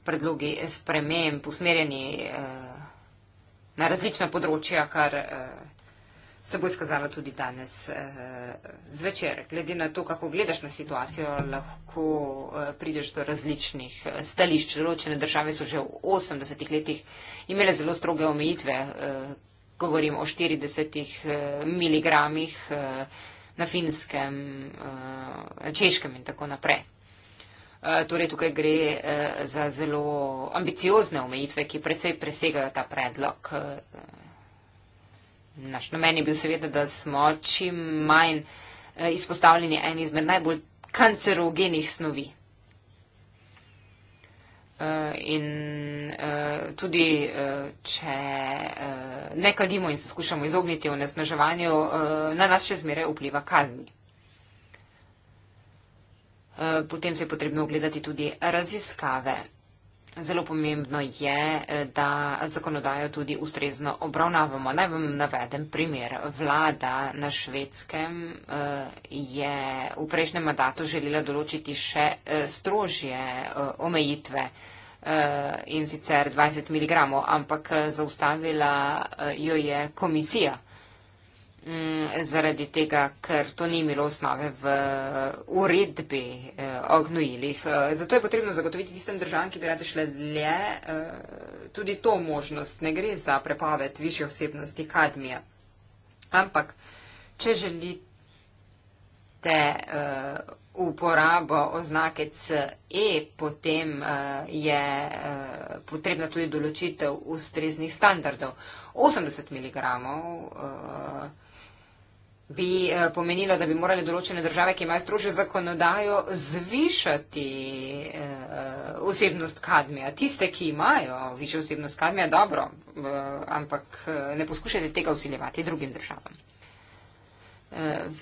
predlogi sprememb usmerjeni na različna področja, kar se bo izkazalo tudi danes zvečer. Glede na to, kako gledaš na situacijo, lahko prideš do različnih stališč. Ločene države so že v 80-ih letih imele zelo stroge omejitve govorim o 40 eh, mg eh, na finskem, eh, češkem in tako naprej. Torej tukaj gre za zelo ambiciozne omejitve, ki precej presegajo ta predlog. Naš namen je bil seveda, da smo čim manj izpostavljeni eni izmed najbolj kancerogenih snovi. Eh, in uh, tudi, uh, če uh, ne kadimo in se skušamo izogniti v nesnaževanju, uh, na nas še zmeraj vpliva kalmi. Uh, potem se je potrebno ogledati tudi raziskave. Zelo pomembno je, eh, da zakonodajo tudi ustrezno obravnavamo. Naj vam navedem primer. Vlada na švedskem eh, je v prejšnjem mandatu želela določiti še eh, strožje omejitve in sicer 20 mg, ampak zaustavila jo je komisija m, mm, zaradi tega, ker to ni imelo osnove v uredbi eh, o gnojilih. Eh, zato je potrebno zagotoviti tistem državam, ki bi rade šle dlje, eh, tudi to možnost. Ne gre za prepoved više osebnosti kadmija. Ampak, če želite uporabo oznake CE, potem je potrebna tudi določitev ustreznih standardov. 80 mg uh, bi eh, pomenilo, da bi morali določene države, ki imajo strože zakonodajo, zvišati eh, osebnost kadmija. Tiste, ki imajo višjo osebnost kadmija, dobro, eh, ampak ne poskušajte tega usiljevati drugim državam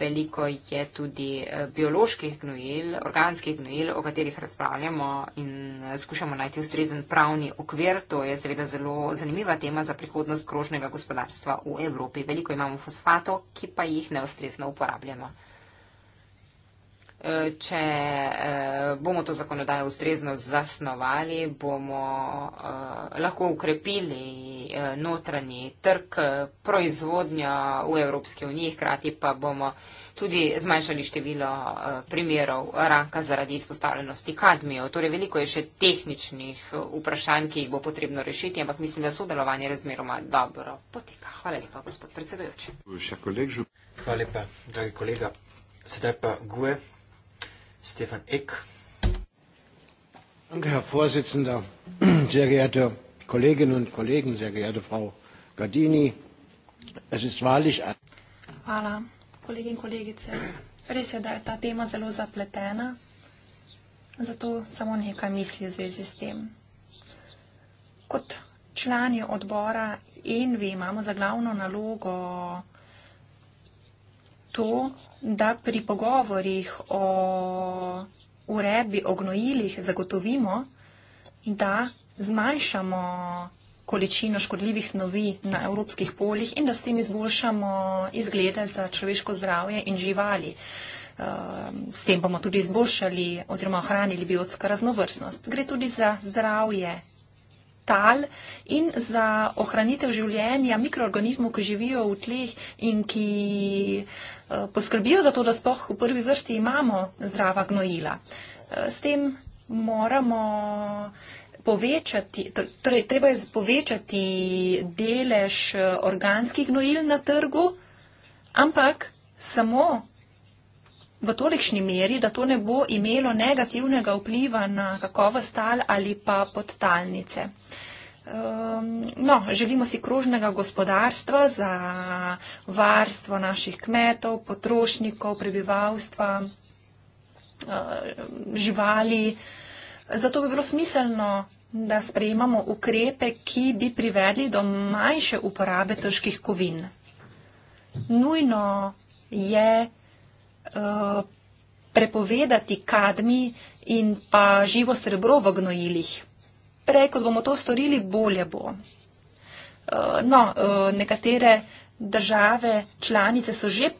veliko je tudi eh, bioloških gnojil, organskih gnojil, o katerih razpravljamo in eh, skušamo najti ustrezen pravni okvir. To je seveda zelo zanimiva tema za prihodnost krožnega gospodarstva v Evropi. Veliko imamo fosfato, ki pa jih neustrezno uporabljamo. Če eh, bomo to zakonodajo ustrezno zasnovali, bomo eh, lahko ukrepili eh, notranji trg proizvodnja v Evropski uniji, hkrati pa bomo tudi zmanjšali število primerov raka zaradi izpostavljenosti kadmijo. Torej veliko je še tehničnih vprašanj, ki jih bo potrebno rešiti, ampak mislim, da sodelovanje razmeroma dobro poteka. Hvala lepa, gospod predsedujoči. Hvala lepa, dragi kolega. Sedaj pa Gue. Stefan Eck. Danke, Herr Vorsitzender. Sehr geehrte Kolleginnen und Kollegen, sehr geehrte Frau Gardini, es ist wahrlich ein. Hvala, kolegi in kolegice. Res je, da je ta tema zelo zapletena, zato samo nekaj misli v zvezi s tem. Kot člani odbora Envi imamo za glavno nalogo to, da pri pogovorjih o uredbi o gnojilih zagotovimo, da zmanjšamo količino škodljivih snovi na evropskih poljih in da s tem izboljšamo izglede za človeško zdravje in živali. Ehm, s tem bomo tudi izboljšali oziroma ohranili biotsko raznovrstnost. Gre tudi za zdravje tal in za ohranitev življenja mikroorganizmov, ki živijo v tleh in ki eh, poskrbijo za to, da spoh v prvi vrsti imamo zdrava gnojila. Eh, s tem moramo povečati, torej treba je povečati delež eh, organskih gnojil na trgu, ampak samo v tolikšni meri, da to ne bo imelo negativnega vpliva na kakovost tal ali pa podtalnice. Ehm, no, želimo si krožnega gospodarstva za varstvo naših kmetov, potrošnikov, prebivalstva, ehm, živali. Zato bi bilo smiselno, da sprejemamo ukrepe, ki bi privedli do manjše uporabe težkih kovin. Nujno je, da Eh, prepovedati kadmi in pa živo srebro v gnojilih. Prej, kot bomo to storili, bolje bo. Eh, no, eh, nekatere države članice so že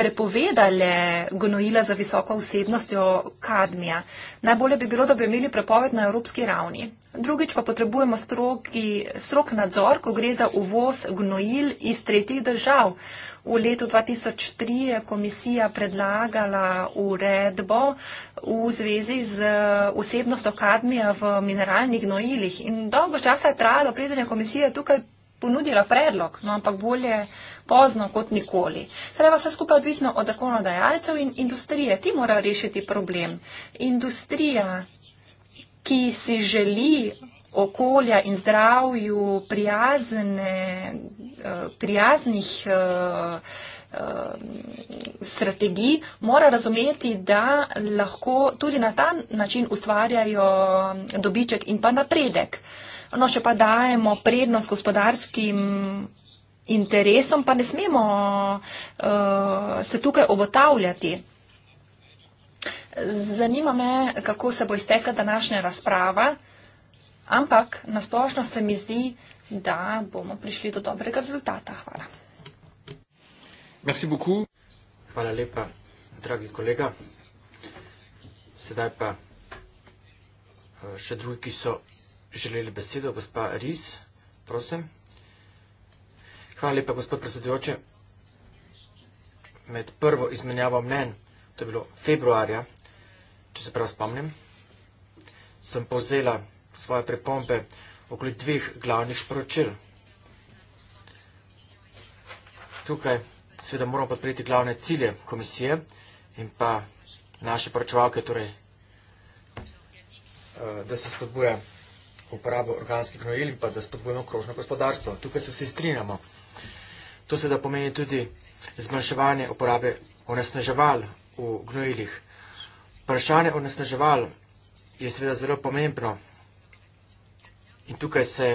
prepovedale gnojila za visoko vsebnostjo kadmija. Najbolje bi bilo, da bi imeli prepoved na evropski ravni. Drugič pa potrebujemo stroki, strok nadzor, ko gre za uvoz gnojil iz tretjih držav. V letu 2003 je komisija predlagala uredbo v zvezi z vsebnostjo kadmija v mineralnih gnojilih in dolgo časa je trajalo, preden je komisija tukaj ponudila predlog, no ampak bolje pozno kot nikoli. Sedaj pa vse skupaj odvisno od zakonodajalcev in industrije. Ti mora rešiti problem. Industrija, ki si želi okolja in zdravju prijazne, eh, prijaznih eh, eh, strategij, mora razumeti, da lahko tudi na ta način ustvarjajo dobiček in pa napredek. No, če pa dajemo prednost gospodarskim interesom, pa ne smemo uh, se tukaj obotavljati. Zanima me, kako se bo iztekla današnja razprava, ampak nasplošno se mi zdi, da bomo prišli do dobrega rezultata. Hvala. Hvala lepa, dragi kolega. Sedaj pa eh, še drugi, ki so želeli besedo, gospa Riz, prosim. Hvala lepa, gospod predsedujoče. Med prvo izmenjavo mnen, to je bilo februarja, če se prav spomnim, sem povzela svoje pripombe okoli dveh glavnih sporočil. Tukaj seveda moramo podpreti glavne cilje komisije in pa naše poročevalke, torej, eh, da se spodbuja uporabo organskih gnojil in pa da spodbujamo krožno gospodarstvo. Tukaj se vsi strinjamo. To se da pomeni tudi zmanjševanje uporabe onesnaževal v gnojilih. Vprašanje onesnaževal je seveda zelo pomembno in tukaj se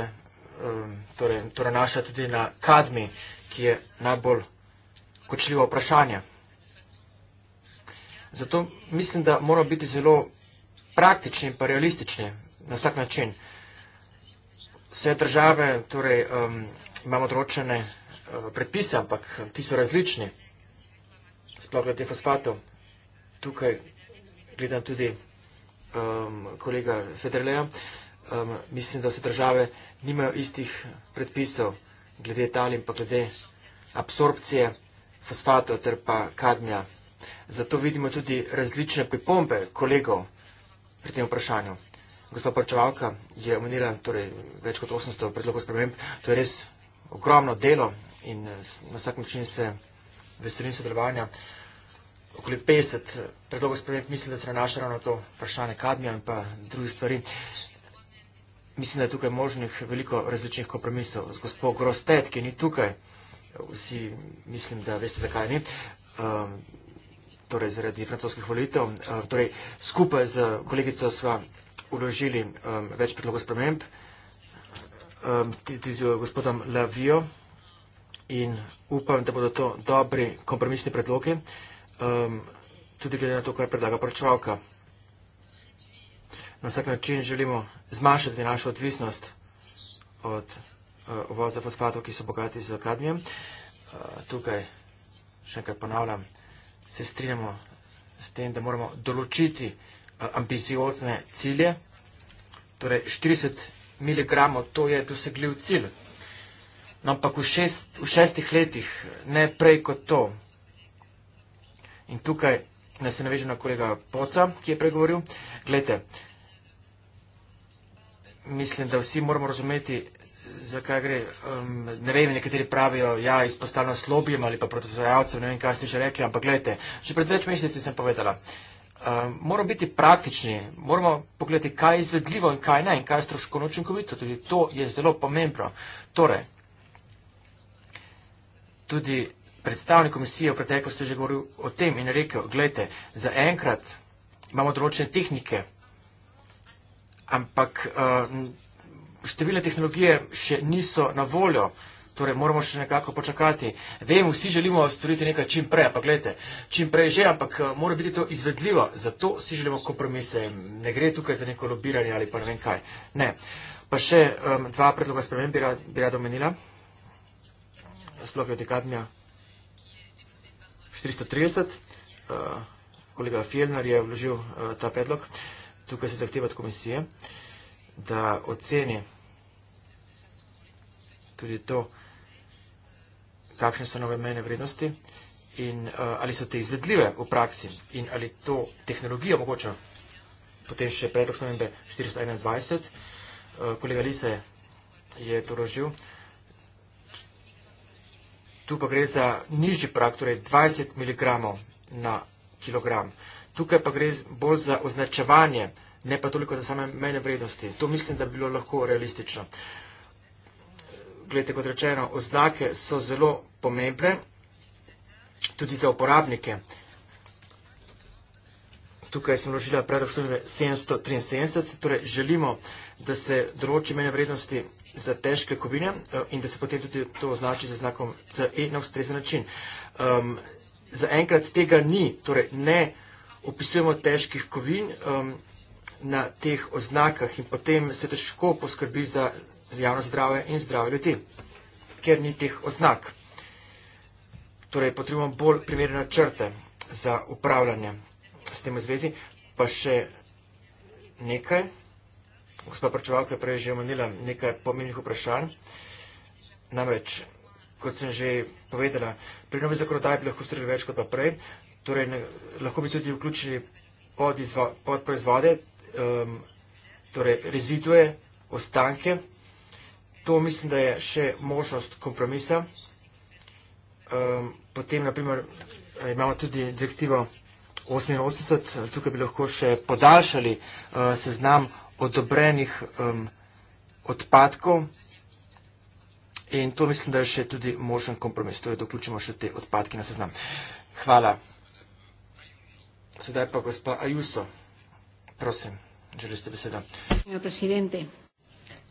um, torej, torej naša tudi na kadmi, ki je najbolj kočljivo vprašanje. Zato mislim, da moramo biti zelo praktični in realistični na vsak način vse države, torej um, imamo določene uh, predpise, ampak ti so različni, sploh glede fosfatov. Tukaj gledam tudi um, kolega Federleja. Um, mislim, da se države nimajo istih predpisov glede tal in pa glede absorpcije fosfatov ter pa kadmija. Zato vidimo tudi različne pripombe kolegov pri tem vprašanju gospod Porčevalka je omenila torej, več kot 800 predlogov sprememb. To je res ogromno delo in eh, na vsak način se veselim sodelovanja. Okoli 50 eh, predlogov sprememb mislim, da se nanaša ravno to vprašanje kadmija in pa drugih stvari. Mislim, da je tukaj možnih veliko različnih kompromisov. Z gospod Grostet, ki ni tukaj, vsi mislim, da veste, zakaj ni, um, torej zaradi francoskih volitev, um, torej skupaj z kolegico sva vložili um, več predlogov sprememb, um, tudi z gospodom Lavijo in upam, da bodo to dobri kompromisni predlogi, um, tudi glede na to, kaj predlaga poročevalka. Na vsak način želimo zmanjšati našo odvisnost od uh, uvoza fosfatov, ki so bogati z kadmijem. Uh, tukaj, še enkrat ponavljam, se strinjamo s tem, da moramo določiti, ambiciozne cilje. Torej, 40 mg to je dosegljiv cilj. No, ampak v, šest, v šestih letih, ne prej kot to. In tukaj ne se naveže na kolega Poca, ki je pregovoril. Glejte, mislim, da vsi moramo razumeti, zakaj gre. Um, ne vem, nekateri pravijo, ja, izpostavljeno slobijem ali pa protizvajalcem, ne vem, kaj ste že rekli, ampak glejte, že pred več meseci sem povedala. Uh, uh, moramo biti praktični, moramo pogledati, kaj je izvedljivo in kaj ne in kaj je stroškovno učinkovito. Tudi to je zelo pomembno. Torej, tudi predstavnik komisije v preteklosti je že govoril o tem in rekel, gledajte, zaenkrat imamo določene tehnike, ampak uh, številne tehnologije še niso na voljo. Uh, torej moramo še nekako počakati. Vem, vsi želimo storiti nekaj čim prej, ampak gledajte, čim prej že, ampak eh, mora biti to izvedljivo, zato si želimo kompromise. Ne gre tukaj za neko lobiranje ali pa ne vem kaj. Ne. Pa še um, dva predloga sprememb bi, bi rada omenila. Sploh od ikadnja 430. Uh, kolega Fjellner je vložil uh, ta predlog. Tukaj se zahteva od komisije, da oceni tudi to, kakšne so nove mejne vrednosti in uh, ali so te izvedljive v praksi in ali to tehnologija omogoča. Potem še predlog spremembe 421. Uh, eh, kolega Lise je to rožil. Tu pa gre za nižji prak, torej 20 mg na kilogram. Tukaj pa gre bolj za označevanje, ne pa toliko za same mejne vrednosti. To mislim, da bi bilo lahko realistično. Uh, gledajte, kot rečeno, oznake so zelo pomembne, tudi za uporabnike. Tukaj sem vložila predlog službe 773, torej želimo, da se določi mene vrednosti za težke kovine eh, in da se potem tudi to označi za znakom CE na ustrezen način. Um, ehm, za enkrat tega ni, torej ne opisujemo težkih kovin um, na teh oznakah in potem se težko poskrbi za za javno zdravje in zdravje ljudi, ker ni teh oznak. Torej, potrebujemo bolj primerne črte za upravljanje s tem v zvezi. Pa še nekaj, gospod Pračevalka je prej že omenila nekaj pomembnih vprašanj. Namreč, kot sem že povedala, pri novi zakonodaji bi lahko storili več kot pa prej, torej ne, lahko bi tudi vključili pod, izva, pod proizvode, um, torej reziduje, ostanke, to mislim, da je še možnost kompromisa. Um, potem, naprimer, eh, imamo tudi direktivo 88, tukaj bi lahko še podaljšali uh, seznam odobrenih um, odpadkov in to mislim, da je še tudi možen kompromis, torej doključimo še te odpadke na seznam. Hvala. Sedaj pa gospa Ajuso, prosim, želi ste besedo. Ja,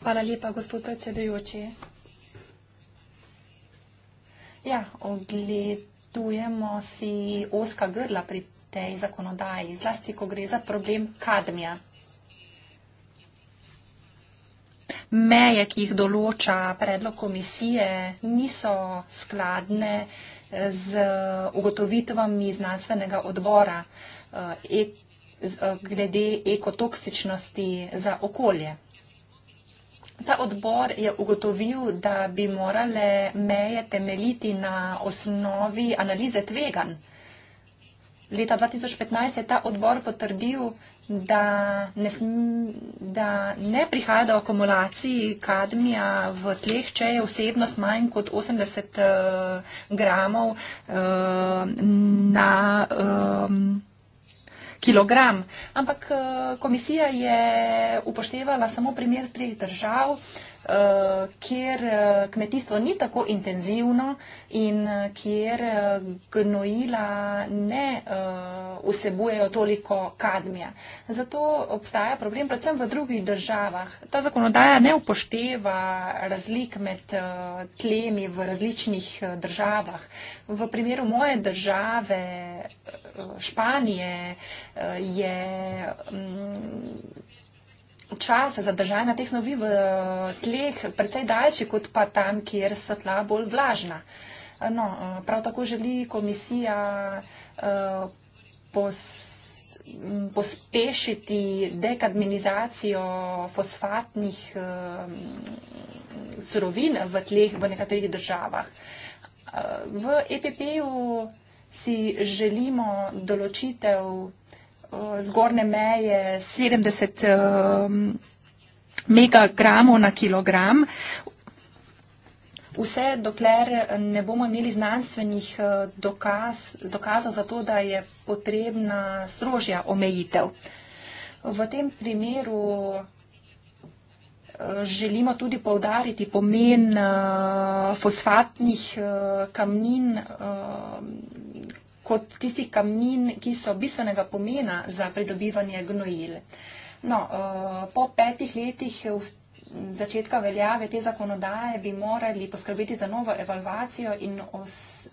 Hvala lepa, gospod predsedujoči. Ja, ogledujemo si oska grla pri tej zakonodaji, zlasti, ko gre za problem kadmija. Meje, ki jih določa predlog komisije, niso skladne eh, z ugotovitvami znanstvenega odbora eh, e, eh, glede ekotoksičnosti za okolje. Ta odbor je ugotovil, da bi morale meje temeljiti na osnovi analize tvegan. Leta 2015 je ta odbor potrdil, da ne, da ne prihaja do akumulacij kadmija v tleh, če je vsebnost manj kot 80 uh, eh, gramov uh, na. Uh, kilogram. Ampak eh, komisija je upoštevala samo primer treh držav, Eh, kjer eh, kmetijstvo ni tako intenzivno in eh, kjer gnojila ne vsebujejo toliko kadmija. Zato obstaja problem predvsem v drugih državah. Ta zakonodaja ne upošteva razlik med tlemi v različnih državah. V primeru moje države, Španije, je mm, čas za držanje teh snovi v eh, tleh precej daljši, kot pa tam, kjer so tla bolj vlažna. Eh, no, eh, prav tako želi komisija pos, pospešiti dekadminizacijo fosfatnih surovin v tleh v nekaterih državah. V EPP-u si želimo določitev Eh, zgornje meje 70 megagramov na kilogram. Vse dokler ne bomo imeli znanstvenih eh, dokaz, dokazov za to, da je potrebna strožja omejitev. V tem primeru eh, želimo tudi povdariti pomen fosfatnih kamnin kot tisti kamnin, ki so bistvenega pomena za pridobivanje gnojil. No, eh, po petih letih začetka veljave te zakonodaje bi morali poskrbeti za novo evalvacijo in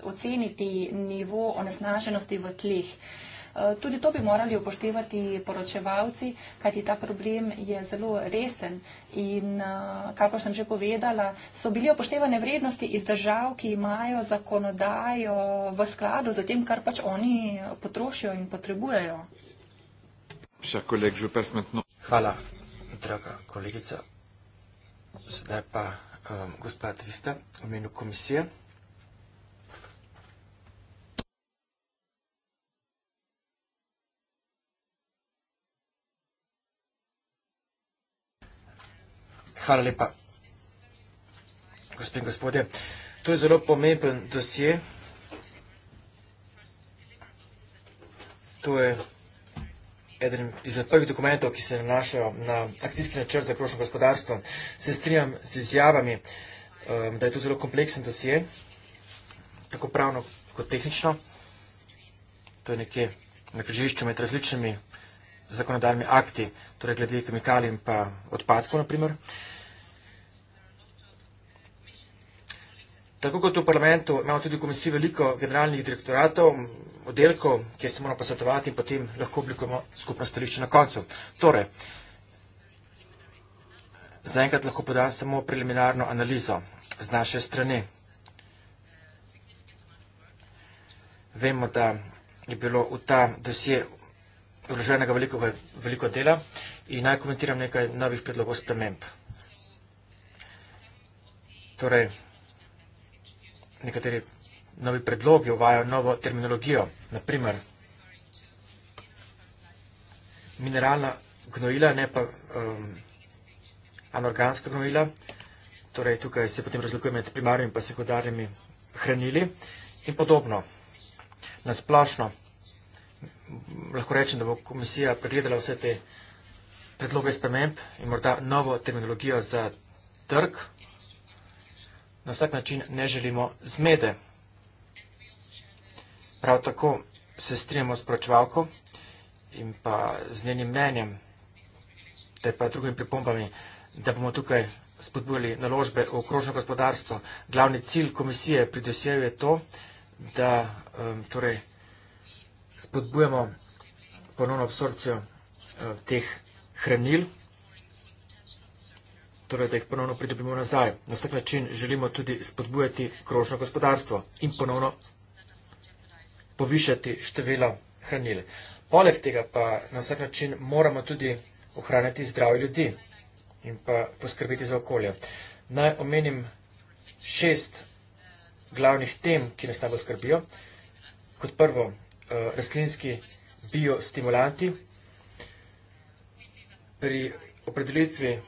oceniti nivo onesnaženosti v tleh. Eh, tudi to bi morali upoštevati poročevalci, kajti ta problem je zelo resen. In eh, kako sem že povedala, so bili upoštevane vrednosti iz držav, ki imajo zakonodajo v skladu z tem, kar pač oni potrošijo in potrebujejo. Hvala, draga kolegica. Zdaj pa um, eh, gospod Trista, v imenu komisije. Hvala lepa. Gospod in gospodje, to je zelo pomemben dosje. To je eden izmed prvih dokumentov, ki se nanašajo na akcijski načrt za krošno gospodarstvo. Se strinjam z izjavami, um, da je to zelo kompleksen dosje, tako pravno kot tehnično. To je nekje na križišču med različnimi zakonodajnimi akti, torej glede kemikali in pa odpadkov naprimer. Tako kot v parlamentu imamo tudi v komisiji veliko generalnih direktoratov, oddelkov, kjer se moramo posvetovati in potem lahko oblikujemo skupno stališče na koncu. Torej, zaenkrat lahko podam samo preliminarno analizo z naše strani. Vemo, da je bilo v ta dosje vloženega veliko, veliko dela in naj komentiram nekaj novih predlogov sprememb. Torej, nekateri novi predlogi uvajajo novo terminologijo. Naprimer, mineralna gnojila, ne pa um, anorganska gnojila, torej tukaj se potem razlikuje med primarnimi in pa sekundarnimi hranili in podobno. Nasplošno. splošno lahko rečem, da bo komisija pregledala vse te predloge sprememb in morda novo terminologijo za trg. Na vsak način ne želimo zmede. Prav tako se strinjamo s pročevalko in pa z njenim mnenjem, te pa drugim pripombami, da bomo tukaj spodbujali naložbe v okrožno gospodarstvo. Glavni cilj komisije pri dosjeju je to, da um, torej, spodbujamo ponovno absorpcijo eh, teh hranil, torej da jih ponovno pridobimo nazaj. Na vsak način želimo tudi spodbujati krožno gospodarstvo in ponovno povišati število hranil. Poleg tega pa na vsak način moramo tudi ohraniti zdravje ljudi in pa poskrbeti za okolje. Naj omenim šest glavnih tem, ki nas najbolj skrbijo. Kot prvo, Eh, rastlinski biostimulanti. Pri opredelitvi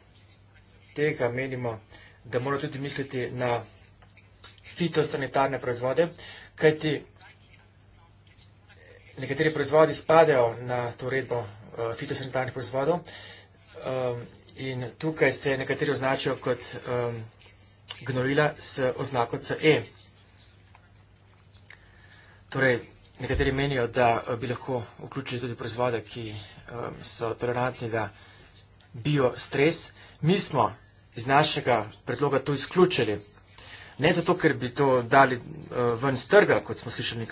tega menimo, da moramo tudi misliti na fitosanitarne proizvode, kajti nekateri proizvodi spadajo na to uredbo eh, fitosanitarnih proizvodov eh, in tukaj se nekateri označijo kot gnojila s oznako CE. Torej, Nekateri menijo, da eh, bi lahko vključili tudi proizvode, ki eh, so tolerantni na biostres. Mi smo iz našega predloga to izključili. Ne zato, ker bi to dali eh, ven z trga, kot smo slišali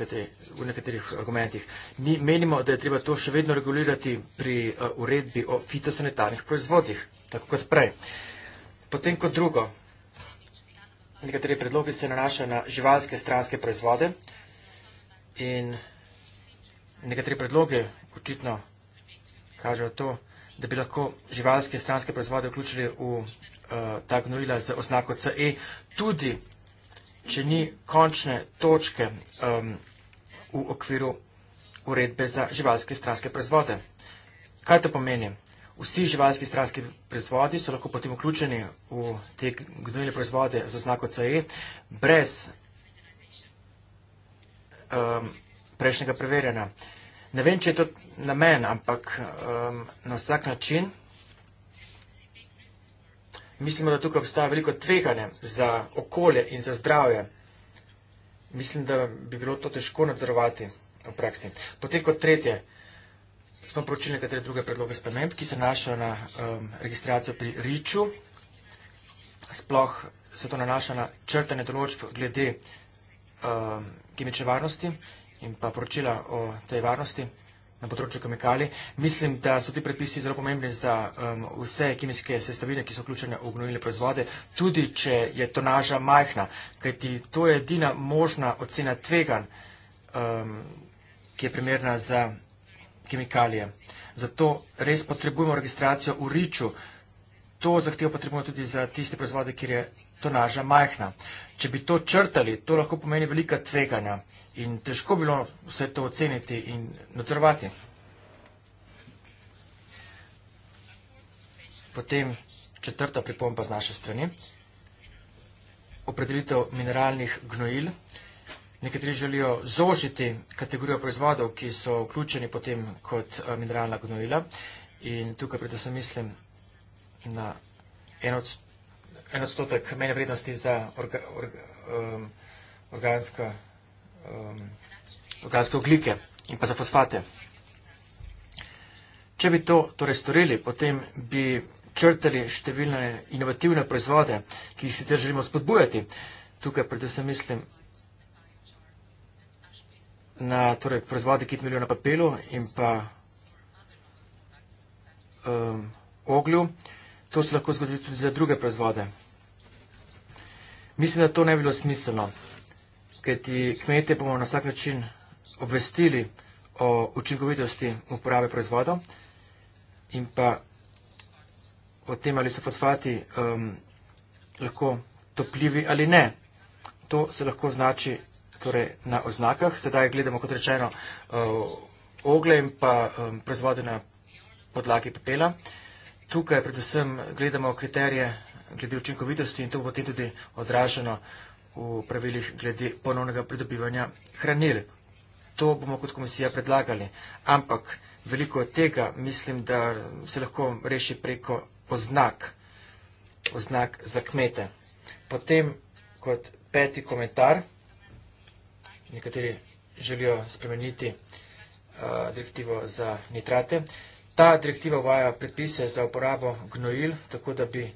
v nekaterih argumentih. Mi menimo, da je treba to še vedno regulirati pri uredbi o fitosanitarnih proizvodih, tako kot prej. Potem kot drugo, nekateri predlogi se nanašajo na živalske stranske proizvode, In nekateri predloge očitno kažejo to, da bi lahko živalske stranske proizvode vključili v uh, ta gnojila z oznako CE, tudi če ni končne točke um, v okviru uredbe za živalske stranske proizvode. Kaj to pomeni? Vsi živalski stranski proizvodi so lahko potem vključeni v te gnojile proizvode z oznako CE brez um, prejšnjega preverjanja. Ne vem, če je to namen, ampak um, na vsak način mislimo, da tukaj obstaja veliko tveganje za okolje in za zdravje. Mislim, da bi bilo to težko nadzorovati v praksi. Potem kot tretje, smo poročili nekatere druge predloge sprememb, ki se našajo na um, registracijo pri Riču. Sploh se to nanaša na črtane določbe glede um, kemične varnosti in pa poročila o tej varnosti na področju kemikalij. Mislim, da so ti predpisi zelo pomembni za um, vse kemijske sestavine, ki so vključene v gnojile proizvode, tudi če je tonaža majhna, kajti to je edina možna ocena tvegan, um, ki je primerna za kemikalije. Zato res potrebujemo registracijo v riču. To zahtevo potrebujemo tudi za tiste proizvode, kjer je tonaža majhna. Če bi to črtali, to lahko pomeni velika tveganja in težko bilo vse to oceniti in natrvati. Potem četrta pripomba z naše strani. Opredelitev mineralnih gnojil. Nekateri želijo zožiti kategorijo proizvodov, ki so vključeni potem kot eh, mineralna gnojila. In tukaj predvsem mislim na enoc en odstotek mene vrednosti za orga, or, um, organska, um, organske oglike in pa za fosfate. Če bi to torej storili, potem bi črtali številne inovativne proizvode, ki jih sicer želimo spodbujati. Tukaj predvsem mislim na torej, proizvode kit milijona papelu in pa um, oglju. To se lahko zgodi tudi za druge proizvode. Mislim, da to ne bi bilo smiselno, ker ti kmete bomo na vsak način obvestili o učinkovitosti uporabe proizvodov in pa o tem, ali so fosfati um, lahko topljivi ali ne. To se lahko znači torej, na oznakah. Sedaj gledamo, kot rečeno, uh, ogle in pa um, proizvode na podlagi pepela. Tukaj predvsem gledamo kriterije glede učinkovitosti in to bo potem tudi odraženo v pravilih glede ponovnega pridobivanja hranil. To bomo kot komisija predlagali, ampak veliko tega mislim, da se lahko reši preko oznak, oznak za kmete. Potem kot peti komentar, nekateri želijo spremeniti uh, direktivo za nitrate. Ta direktiva uvaja predpise za uporabo gnojil, tako da bi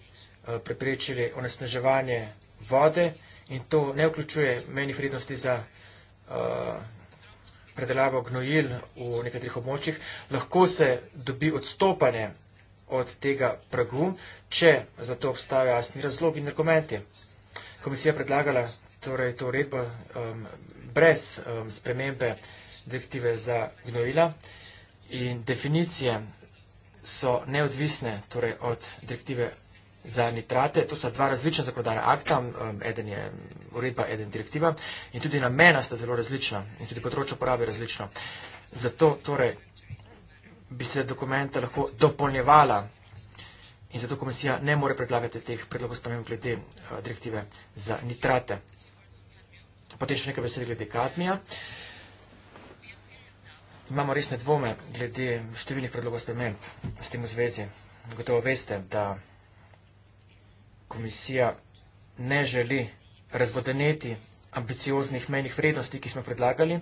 Eh, preprečili onesnaževanje vode in to ne vključuje menjih vrednosti za eh, predelavo gnojil v nekaterih območjih. Lahko se dobi odstopanje od tega pragu, če za to obstajajo jasni razlogi in argumenti. Komisija je predlagala torej to uredbo brez spremembe direktive za gnojila in definicije so neodvisne torej od direktive za nitrate. To sta dva različna zakonodajna akta, um, eden je uredba, eden direktiva in tudi namena sta zelo različna in tudi področje uporabe je različno. Zato torej bi se dokumenta lahko dopolnjevala in zato komisija ne more predlagati teh predlogov spomenem glede uh, direktive za nitrate. Potem še nekaj besed glede kadmija. Imamo resne dvome glede številnih predlogov spremenb s tem v zvezi. Gotovo veste, da komisija ne želi razvodeneti ambicioznih menjih vrednosti, ki smo predlagali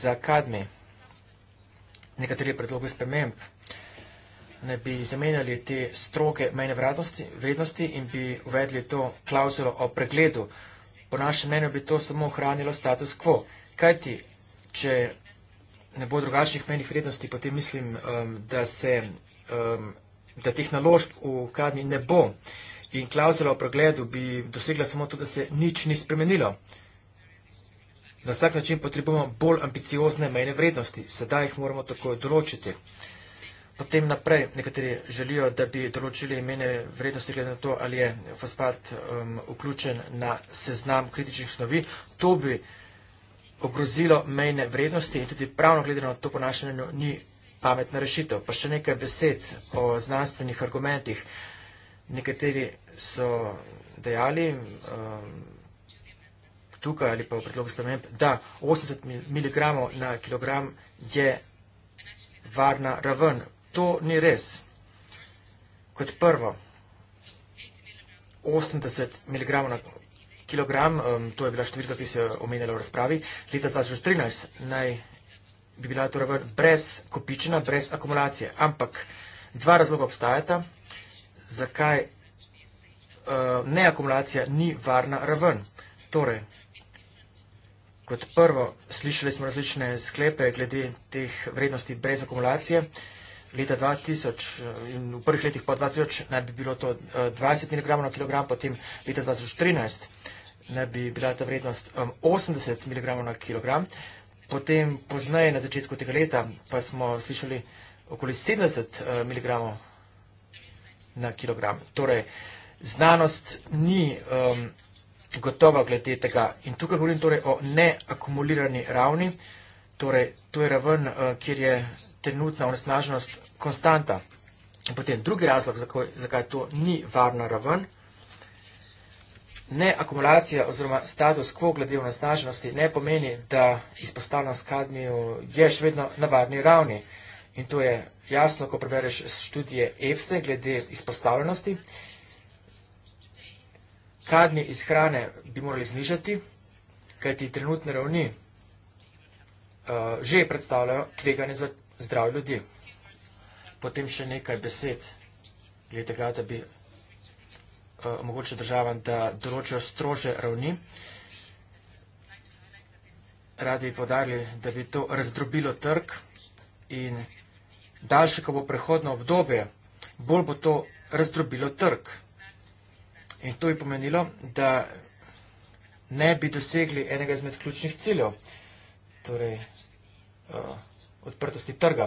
za kadmi. Nekateri predlogi sprememb ne bi zamenjali te stroge menje vrednosti in bi uvedli to klauzulo o pregledu. Po našem mnenju bi to samo ohranilo status quo. Kajti, če ne bo drugačnih menjih vrednosti, potem mislim, um, da se um, da teh naložb v kadmi ne bo in klauzula o pregledu bi dosegla samo to, da se nič ni spremenilo. Na vsak način potrebujemo bolj ambiciozne mejne vrednosti. Sedaj jih moramo tako določiti. Potem naprej nekateri želijo, da bi določili mejne vrednosti glede na to, ali je fosfat um, vključen na seznam kritičnih snovi. To bi ogrozilo mejne vrednosti in tudi pravno gledano to ponašanje ni pametna rešitev. Pa še nekaj besed o znanstvenih argumentih. Nekateri so dejali um, tukaj ali pa v predlogu sprememb, da 80 mg na kilogram je varna raven. To ni res. Kot prvo, 80 mg na kilogram, um, to je bila številka, ki se je omenjala v razpravi, leta 2013 naj bi bila to raven brez kopičena, brez akumulacije. Ampak dva razloga obstajata, zakaj uh, eh, neakumulacija ni varna raven. Torej, kot prvo, slišali smo različne sklepe glede teh vrednosti brez akumulacije. Leta 2000 eh, in v prvih letih po 2000 naj bi bilo to 20 eh, mg na kilogram, potem leta 2013 naj bi bila ta vrednost 80 mg na kilogram, potem poznaje na začetku tega leta pa smo slišali okoli 70 mg na kilogram. Torej, uh, znanost ni um, gotova glede tega. In tukaj govorim torej o neakumulirani ravni, torej to je raven, uh, kjer je trenutna onesnaženost konstanta. In potem drugi razlog, zakaj, zakaj to ni varna raven, neakumulacija oziroma status quo glede onesnaženosti ne pomeni, da izpostavljenost kadmiju je še vedno na varni ravni. In to je jasno, ko prebereš študije EFSE glede izpostavljenosti, kadmi iz hrane bi morali znižati, kajti trenutne ravni uh, že predstavljajo tveganje za zdrav ljudi. Potem še nekaj besed glede tega, da bi uh, omogočil državam, da določijo strože ravni. Radi bi podarili, da bi to razdrobilo trg in daljše, ko bo prehodno obdobje, bolj bo to razdrobilo trg. In to bi pomenilo, da ne bi dosegli enega izmed ključnih ciljev, torej uh, odprtosti trga.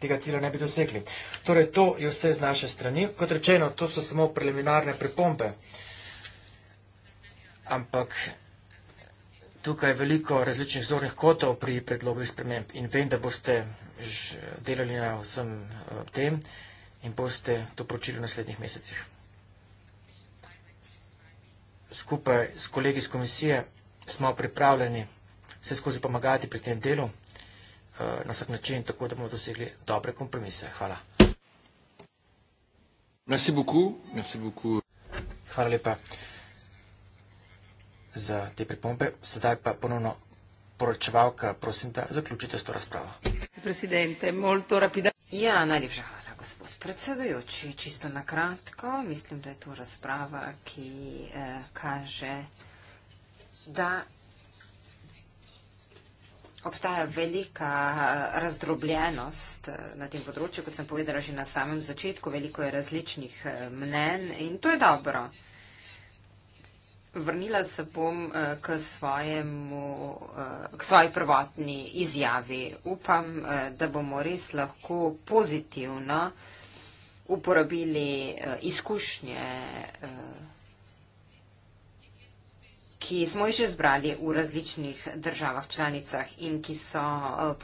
Tega cilja ne bi dosegli. Torej, to je vse z naše strani. Kot rečeno, to so samo preliminarne pripombe. Ampak tukaj je veliko različnih zornih kotov pri predlogih sprememb in vem, da boste delali na vsem eh, tem in boste to poročili v naslednjih mesecih skupaj s kolegi iz komisije smo pripravljeni vse skozi pomagati pri tem delu eh, na vsak način, tako da bomo dosegli dobre kompromise. Hvala. Merci beaucoup. Merci beaucoup. Hvala lepa za te pripombe. Sedaj pa ponovno poročevalka, prosim, da zaključite s to razpravo. Ja, najlepša hvala gospod predsedujoči, čisto na kratko, mislim, da je to razprava, ki eh, kaže, da obstaja velika eh, razdrobljenost eh, na tem področju, kot sem povedala že na samem začetku, veliko je različnih eh, mnen in to je dobro. Vrnila se bom eh, k, svojemu, eh, k svoji prvotni izjavi. Upam, eh, da bomo res lahko pozitivno uporabili izkušnje, ki smo jih že zbrali v različnih državah članicah in ki so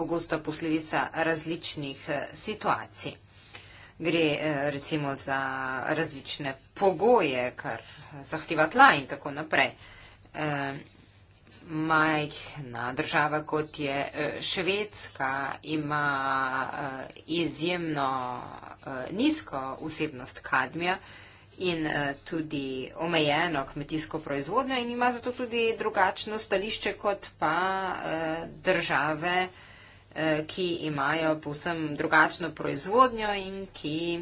pogosto posledica različnih situacij. Gre recimo za različne pogoje, kar zahteva tla in tako naprej. E, majhna država, kot je e, Švedska, ima e, izjemno e, nizko vsebnost kadmija in tudi omejeno kmetijsko proizvodnjo in ima zato tudi drugačno stališče kot pa države, ki imajo povsem drugačno proizvodnjo in ki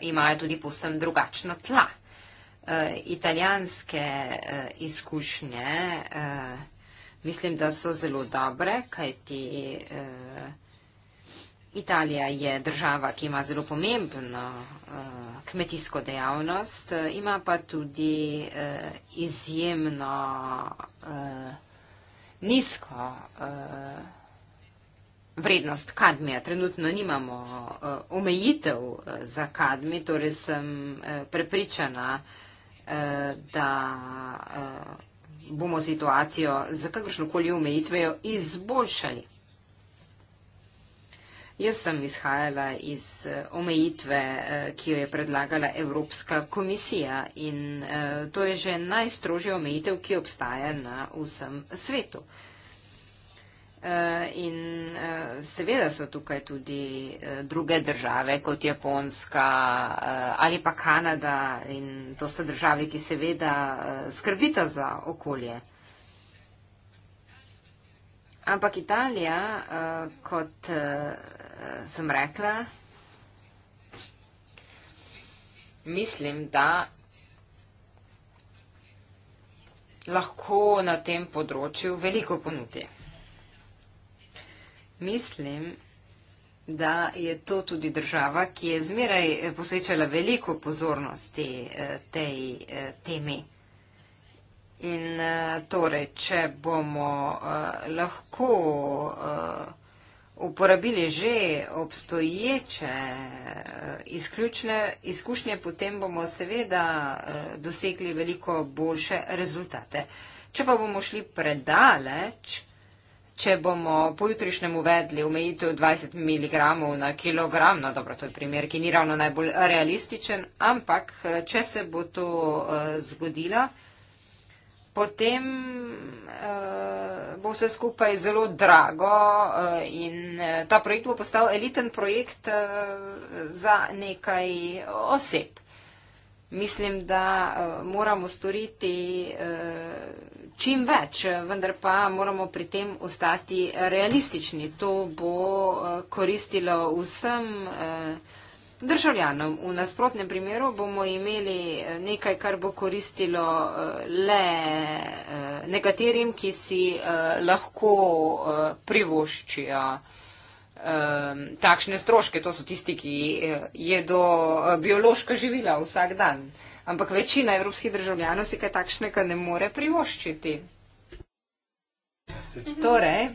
imajo tudi povsem drugačno tla. Eh, italijanske uh, izkušnje uh, mislim, da so zelo dobre, kajti uh, Italija je država, ki ima zelo pomembno uh, kmetijsko dejavnost, uh, ima pa tudi uh, izjemno uh, nizko uh, Vrednost kadmija. Trenutno nimamo uh, omejitev uh, za kadmi, torej sem uh, prepričana, uh, Eh, da eh, bomo situacijo z kakršnokoli omejitvejo izboljšali. Jaz sem izhajala iz eh, omejitve, ki jo je predlagala Evropska komisija in to je že najstrožja omejitev, ki obstaja na vsem svetu. Eh, in eh, seveda so tukaj tudi eh, druge države kot Japonska ali pa Kanada in to sta države, ki seveda skrbita za okolje. Ampak Italija, kot sem rekla, mislim, da lahko na tem področju veliko ponuti. Mislim, da je to tudi država, ki je zmeraj posvečala veliko pozornosti eh, tej eh, temi. In eh, torej, če bomo lahko uporabili že obstoječe izključne izkušnje, potem bomo seveda dosegli veliko boljše rezultate. Če pa bomo šli predaleč, Če bomo pojutrišnjem uvedli omejitev 20 mg na kilogram, no dobro, to je primer, ki ni ravno najbolj realističen, ampak eh, če se bo to uh, zgodilo, potem uh, bo vse skupaj zelo drago uh, in uh, ta projekt bo postal eliten projekt uh, za nekaj oseb. Mislim, da uh, moramo storiti. Uh, čim več, vendar pa moramo pri tem ostati realistični. To bo eh, koristilo vsem eh, državljanom. V nasprotnem primeru bomo imeli eh, nekaj, kar bo koristilo le nekaterim, ki si lahko privoščijo takšne stroške. To so tisti, ki jedo biološka živila vsak dan ampak večina evropskih državljanov si kaj takšnega ne more privoščiti. Torej,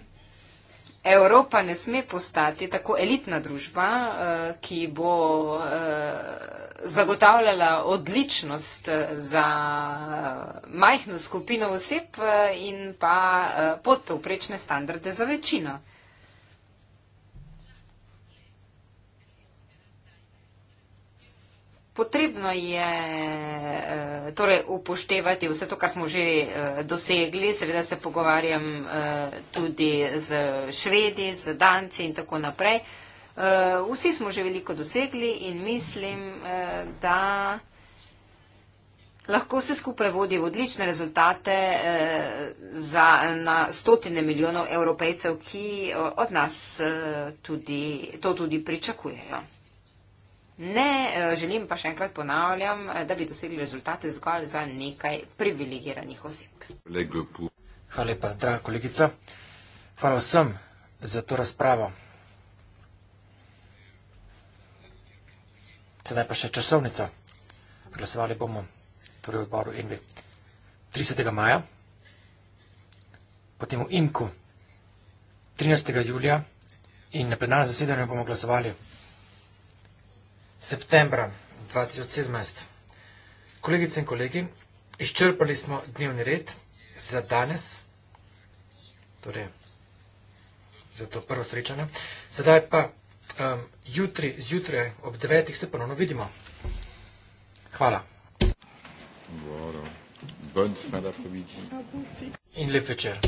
Evropa ne sme postati tako elitna družba, eh, ki bo eh, zagotavljala odličnost eh, za majhno skupino oseb in pa podpovprečne standarde za večino. Potrebno je eh, torej, upoštevati vse to, kar smo že eh, dosegli. Seveda se pogovarjam eh, tudi z Švedi, z Danci in tako naprej. Vsi smo že veliko dosegli in mislim, da lahko vse skupaj vodi v odlične rezultate za, na stotine milijonov evropejcev, ki od nas tudi, to tudi pričakujejo. Ne eh, želim pa še enkrat ponavljam, eh, da bi dosegli rezultate zgolj za nekaj privilegiranih oseb. Hvala lepa, draga kolegica. Hvala vsem za to razpravo. Sedaj pa še časovnica. Glasovali bomo torej v odboru Envi 30. maja, potem v Imku 13. julija in na plenarnem zasedanju bomo glasovali septembra 2017. Kolegice in kolegi, izčrpali smo dnevni red za danes, torej za to prvo srečanje. Sedaj pa um, jutri, zjutraj ob devetih se ponovno vidimo. Hvala. Bon, fin d'après-midi. In le fait